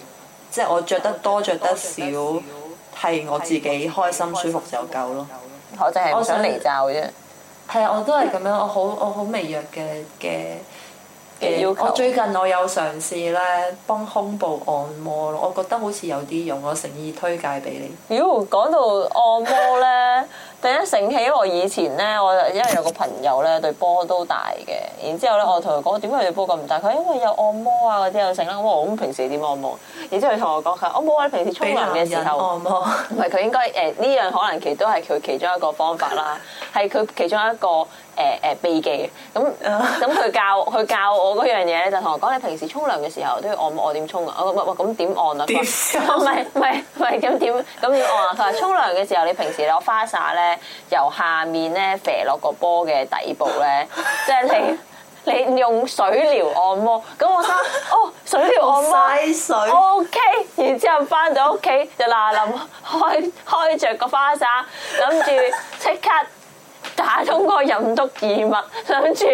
即係我着得多，着得少，係我自己開心舒服就夠咯。我就係我想嚟就啫。係啊，我都係咁樣。我好我好微弱嘅嘅。我最近我有嘗試咧幫胸部按摩咯，我覺得好似有啲用，我誠意推介俾你。如果講到按摩咧， 第一醒起我以前咧，我因為有個朋友咧對波都大嘅，然之後咧我同佢講點解你波咁大？佢因為有按摩啊嗰啲啊，醒啦，咁我咁平時點按摩？然之後佢同我講佢我冇啊，平時沖涼嘅時候按摩，唔係佢應該誒呢、呃、樣可能其實都係佢其中一個方法啦，係佢 其中一個。誒誒、呃呃，秘技咁咁，佢、嗯、教佢教我嗰樣嘢咧，就同、是、我講你平時沖涼嘅時候都要按摩，我點沖啊？我咁點按啊？點下？唔係唔係唔係咁點咁要按啊？佢話沖涼嘅時候，你平時攞花灑咧，由下面咧肥落個波嘅底部咧，即係你你用水療按摩。咁我先哦，水療按摩，水。」OK。然之後翻到屋企就嗱嗱，開開着個花灑，諗住即刻。打通過飲毒熱物，諗住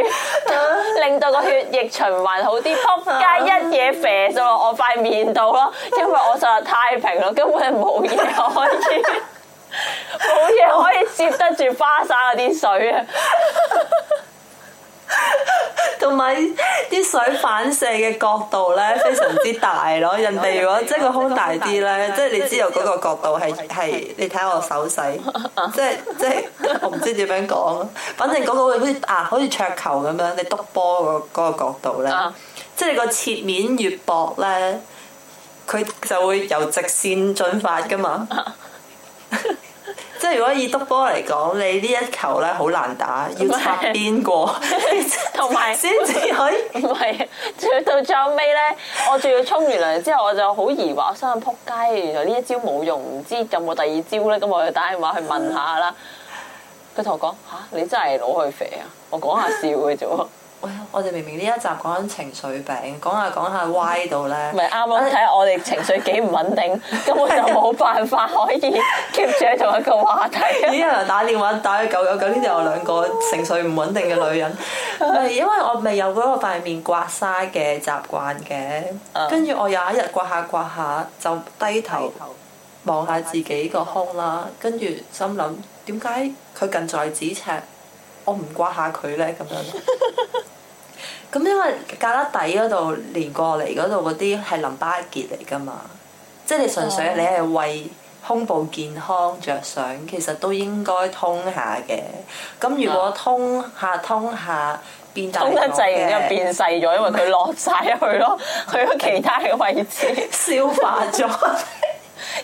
令到個血液循環好啲。撲街 一嘢肥咗落我塊面度咯，因為我實在太平啦，根本係冇嘢可以，冇嘢 可以接得住花灑嗰啲水啊！ 同埋啲水反射嘅角度咧，非常之大咯。人哋如果人即係個空大啲咧，即係你知道嗰個角度係係， 你睇下我手勢， 即係即係我唔知點樣講，反正嗰個好似啊，好似桌球咁樣，你篤波嗰嗰個角度咧， 即係你個切面越薄咧，佢就會由直線進發噶嘛。 即係如果以篤波嚟講，你呢一球咧好難打，是要插邊個，同埋先至可以。唔係，直到最後尾咧， 我仲要衝完涼之後，我就好疑惑，我想去撲街，原來呢一招冇用，唔知有冇第二招咧？咁我就打電話去問下啦。佢同 我講：吓、啊，你真係攞佢肥啊！我講下笑嘅啫。 喂，我哋明明呢一集講緊情緒病，講下講下歪到咧，唔係啱啱睇我哋情緒幾唔穩定， 根本就冇辦法可以 keep 住同一個話題。啲 人打電話打去九九九，呢度有兩個情緒唔穩定嘅女人。 因為我未有嗰個塊面刮痧嘅習慣嘅。跟住、uh。我有一日刮下刮下，就低頭望下頭自己個胸啦，跟住頭心諗點解佢近在咫尺？我唔刮下佢咧，咁樣。咁因為胳肋底嗰度連過嚟嗰度嗰啲係淋巴結嚟噶嘛，即你純粹你係為胸部健康着想，其實都應該通下嘅。咁如果通下通下，變大咗通得滯，然之後變細咗，因為佢落曬去咯，去咗其他嘅位置消化咗。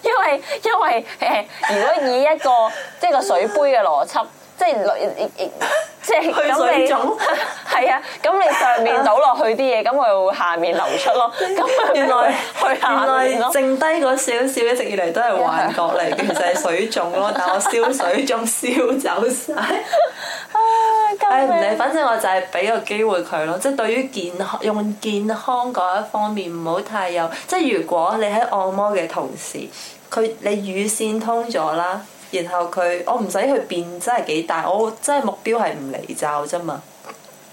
因為因為如果以一個即係個水杯嘅邏輯。即係落，即係咁你去水腫，係啊？咁你上面倒落去啲嘢，咁又會下面流出咯。咁、嗯嗯嗯、 原來原來剩低嗰少少一直以嚟都係幻覺嚟嘅，就係 水腫咯。但我燒水腫燒走曬。 唉唔理、 哎，反正我就係俾個機會佢咯。即係對於健康，用健康嗰一方面唔好太有。即係如果你喺按摩嘅同時，佢你乳腺通咗啦。然後佢，我唔使去變，真係幾大，我真係目標係唔離罩啫嘛。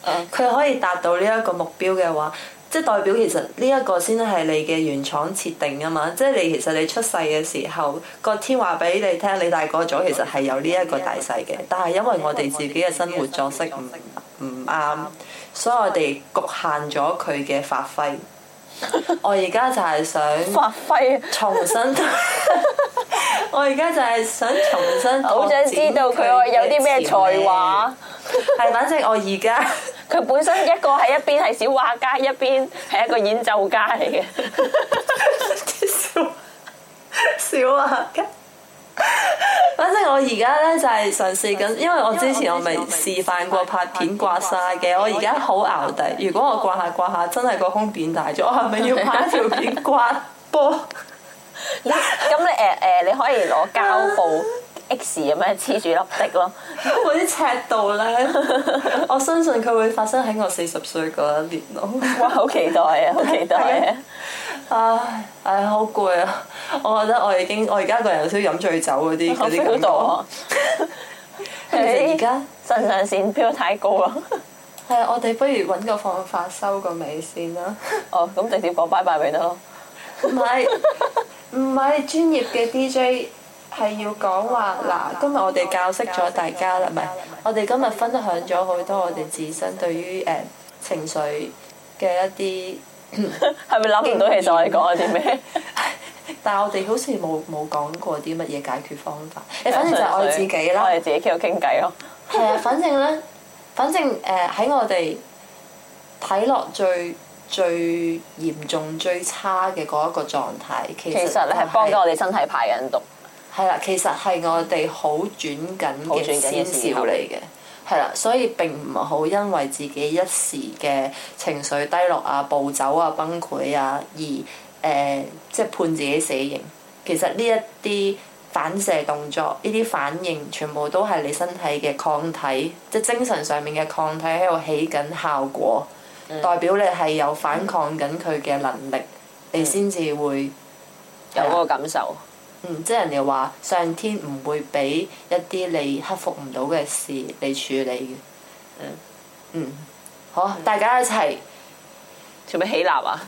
佢 Okay. 可以達到呢一個目標嘅話，即係代表其實呢一個先係你嘅原廠設定啊嘛。即係你其實你出世嘅時候，個天話俾你聽，你大個咗其實係有呢一個大細嘅，但係因為我哋自己嘅生活作息唔唔啱，所以我哋局限咗佢嘅發揮。 我而家就係想發揮，重新。我而家就係想重新。好 想知道佢有啲咩才華。係，反正我而家佢本身一個喺一邊係小畫家，一邊係一個演奏家嚟嘅。小畫家。 反正我而家咧就係嘗試緊，因為我之前我咪示範過拍片刮痧嘅，我而家好熬底。如果我刮下刮下，真係個胸變大咗，我係咪要拍條片刮波？咁 你誒誒、呃，你可以攞膠布。 X 咁樣黐住粒的咯，嗰啲 尺度咧， 我相信佢會發生喺我四十歲嗰一年咯。 哇，好期待啊，好期待、啊！唉、哎，唉、哎，好攰啊！我覺得我已經，我而家個人有少少飲醉酒嗰啲嗰啲感覺。其實而家腎上腺飆太高啦。係啊，我哋不如搵個方法收個尾先啦。 哦，咁直接講拜拜咪得咯。唔 係，唔係專業嘅 DJ。 係要講話嗱，今日我哋教識咗大家啦，唔係，我哋今日分享咗好多我哋自身對於誒、呃、情緒嘅一啲，係咪諗唔到其實我哋講啲咩？ 但係我哋好似冇冇講過啲乜嘢解決方法，你反正就愛自己啦，我哋自己喺度傾偈咯。係 啊，反正咧，反正誒喺我哋睇落最最嚴重、最差嘅嗰一個狀態，其實咧、就、係、是、幫咗我哋身體排緊毒。係啦，其實係我哋好轉緊嘅先兆嚟嘅。係啦，所以並唔好因為自己一時嘅情緒低落啊、暴走啊、崩潰啊而誒，即、呃、係、係、判自己死刑。其實呢一啲反射動作、呢啲反應，全部都係你身體嘅抗體，即、就、係、係、精神上面嘅抗體喺度起緊效果，嗯、代表你係有反抗緊佢嘅能力，嗯、你先至會、嗯、了有嗰個感受。嗯，即係人哋話上天唔會俾一啲你克服唔到嘅事你處理嘅。嗯，好，大家一齊做咩起立啊？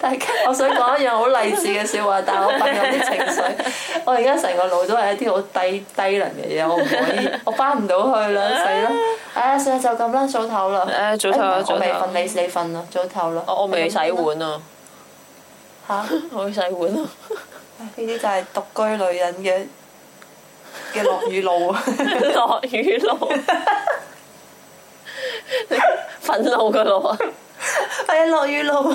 大家，我想講一樣好勵志嘅笑話，但我份有啲情緒，我而家成個腦都係一啲好低低能嘅嘢，我唔可以，我翻唔到去啦，死啦！唉，算啦，就咁啦，早唞啦。哎，早唞，早唞。我未瞓，你你瞓啦，早唞啦。我我未洗碗啊。嚇！好細哈碗咯～呢啲就係獨居女人嘅嘅落雨露，啊！ 落雨露，憤怒嘅路啊！係啊，落雨露，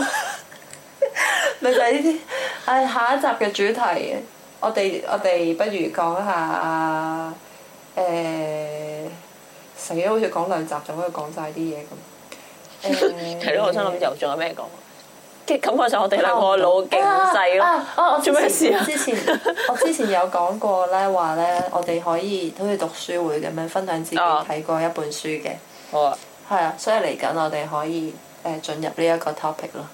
咪就係呢啲。唉，下一集嘅主題，我哋我哋不如講下誒，死咗好似講兩集就可以講晒啲嘢咁。係咯、 呃，我心諗又仲有咩講？感覺上我哋兩個腦勁細咯，我做咩事啊？啊之前我之前有講過咧，話咧 我哋可以好似 讀書會咁樣分享自己睇過一本書嘅。好啊。係啊，所以嚟緊我哋可以誒進、呃、入呢一個 topic 咯。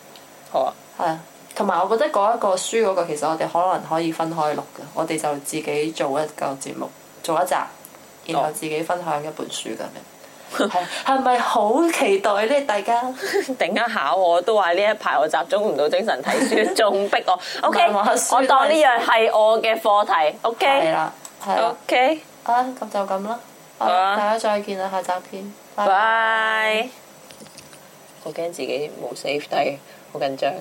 好啊。係啊，同埋我覺得講一個書嗰、嗰個，其實我哋可能可以分開錄嘅，我哋就自己做一個節目，做一集，然後自己分享一本書咁樣。係咪好期待呢？大家，突然 間考我都話呢一排我集中唔到精神睇書，仲逼我。O、okay, K， 我當呢樣係我嘅課題。O K，係啦，係 O K，啊，咁就咁啦。好啦、啊啊，大家再見啦，下集見。拜拜。Bye 我驚自己冇 save 低，好緊張。